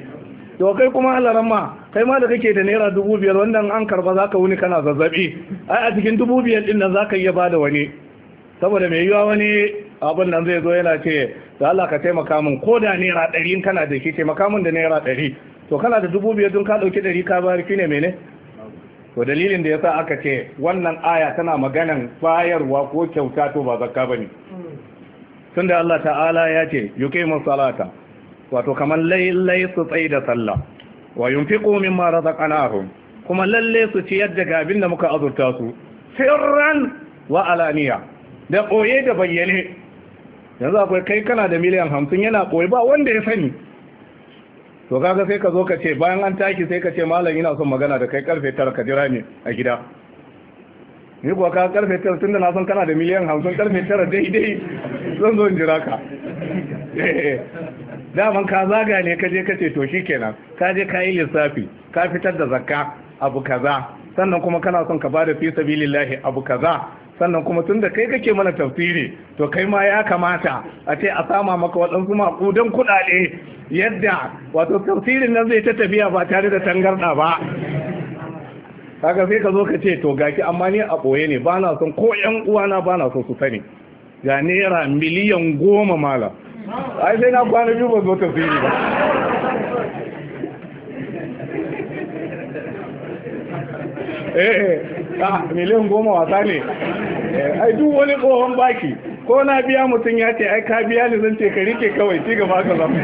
A: to kai kuma alaran ma kai ma da kake da naira dubu biyar wannan an karba zaka wuni kana zazzabi ai a cikin dubu biyar din nan zaka iya bada wani saboda mai yiwa wani abin nan zai zo yana ce da Allah ka taimaka min ko da naira ɗari kana da shi taimaka min da naira ɗari to kana da dubu biyar dun ka ɗauki ɗari ka bayar shine mene to dalilin da yasa aka ce wannan aya tana maganan bayarwa ko kyauta to ba zakka bane tunda Allah ta'ala ya ce yuqimu salata wato kamar lailai su tsai da sallah wa yunfiqu mimma razaqnahum kuma lalle su yadda ga abin da muka azurta su sirran wa alaniya da koye da bayyane yanzu akwai kai kana da miliyan hamsin yana koye ba wanda ya sani to kaga sai ka zo ka ce bayan an taki sai ka ce malam ina son magana da kai karfe tara ka jira ne a gida ni kuwa ka karfe tara tunda na san kana da miliyan hamsin karfe tara daidai zan zo in jira ka eh, daman ka zaga ne ka je ka ce to shikenan ka je ka yi lissafi ka fitar da zakka abu kaza sannan kuma kana son ka bada fi sabilillahi abu kaza sannan kuma tun da kai kake mana tafsiri to kai ma ya kamata a ce a sama maka waɗansu maƙudan kuɗaɗe yadda wato tafsirin nan zai ta tafiya ba tare da tangarɗa ba kaga sai ka zo ka ce to gaki amma ni a ɓoye ne ba na son ko ƴan uwana ba na son su sani ga naira miliyan goma mala ai sai na kwana biyu ba zo tafsiri ba
B: eh, eh ah,
A: miliyan goma wasa ne ai duk wani tsohon baki ko na biya mutum ya ce ai ka biya ni zan ce ka rike kawai ci gaba ka zama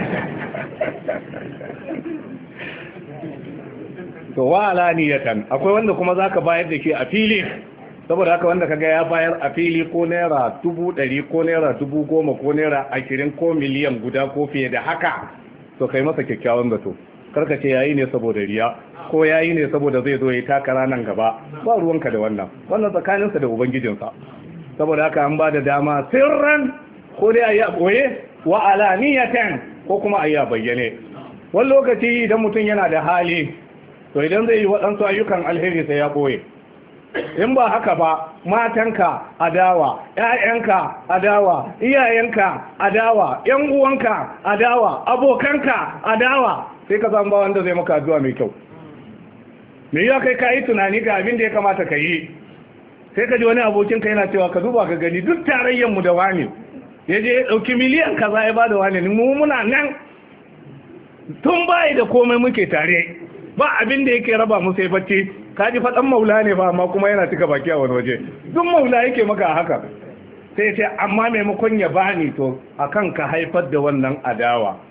A: to wa niyatan akwai wanda kuma za ka bayar da shi a fili saboda haka wanda kaga ya bayar a fili ko naira dubu ɗari ko naira dubu goma ko naira ashirin ko miliyan guda ko fiye da haka to kai masa kyakkyawan zato karka ce yayi ne saboda riya ko yayi ne saboda zai zo ya taka nan gaba ba ruwanka da wannan wannan tsakaninsa da ubangijinsa saboda haka an ba da dama sirran ko dai ayi a boye wa alaniyatan ko kuma ayi a bayyane wani lokaci idan mutum yana da hali to idan zai yi waɗansu ayyukan alheri sai ya boye in ba haka ba matanka adawa ƴaƴanka adawa iyayenka adawa ƴan uwanka adawa abokanka adawa sai ka samu ba wanda zai maka addu'a mai kyau me ya kai ka yi tunani ga abin da ya kamata ka yi sai ka ji wani abokin ka yana cewa ka duba ka gani duk tarayyan mu da wani ya je dauki miliyan kaza ya bada wani mu muna nan tun bai da komai muke tare ba abin da yake raba mu sai bacci ka ji faɗan maula ne ba amma kuma yana cika baki a wani waje duk maula yake maka haka sai ce amma maimakon ya bani to akan ka haifar da wannan adawa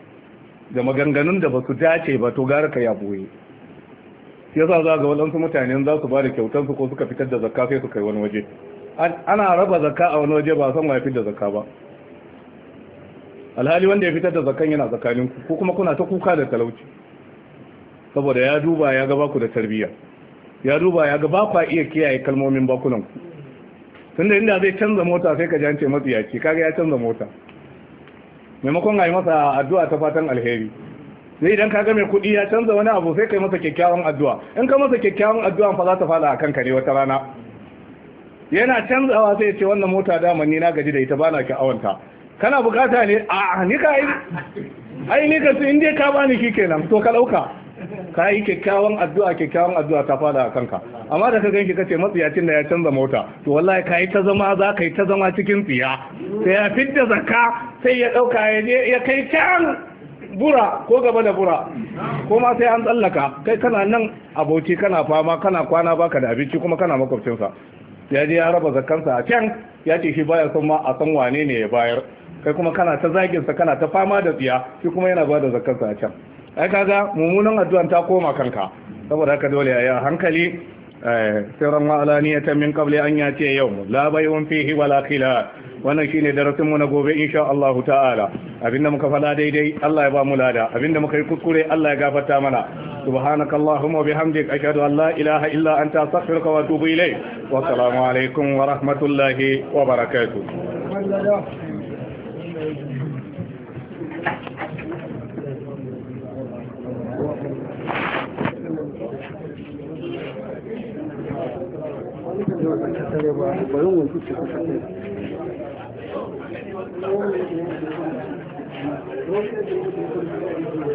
A: da maganganun da ba su dace ba to gara ka ya boye za ga waɗansu mutane za su ba da kyautansu ko suka fitar da zakka sai su kai wani waje ana raba zakka a wani waje ba san wa fitar da zakka ba alhali wanda ya fitar da zakkan yana tsakanin ku kuma kuna ta kuka da talauci saboda ya duba ya ga baku da tarbiyya ya duba ya ga baku iya kiyaye kalmomin bakunan ku tunda inda zai canza mota sai ka jance matsiyaci kaga ya canza mota maimakon a yi masa addu'a ta fatan alheri sai idan ka ga mai kuɗi ya canza wani abu sai ka kai masa kyakkyawan addu'a in ka masa kyakkyawan addu'a fa za ta fada a kanka ne wata rana yana canzawa sai ce wannan mota dama ni na gaji da ita bana awanta, kana bukata ne a ni ka
B: yi.
A: ai ni ka in dai ka bani kenan to ka ɗauka. ka yi kyakkyawan addu'a kyakkyawan addu'a ta fada a kanka amma da ka ganki kace matsiyacin da ya canza mota to wallahi ka yi ta zama za ka yi ta zama cikin tsiya sai ya fidda zakka sai ya ɗauka ya je ya kai can bura ko gaba da bura ko ma sai an tsallaka kai kana nan aboki kana fama kana kwana baka da abinci kuma kana makwabcinsa ya je ya raba zakkansa a can ya ce shi baya son ma a san wane ne ya bayar kai kuma kana ta zaginsa kana ta fama da tsiya shi kuma yana ba da zakkansa a can ai kaga mummunan addu'an ta koma kanka saboda haka dole ya hankali eh, sirran ta min qabli an yace yau la bayun fihi wala khila wannan shine darasin mu na gobe insha Allah ta'ala abinda muka fada daidai Allah ya ba mu lada abinda muka yi kuskure Allah ya gafarta mana subhanakallahumma bihamdik ashhadu an la ilaha illa anta astaghfiruka wa atubu ilayk wa assalamu alaikum wa rahmatullahi wa barakatuh
B: Thank you.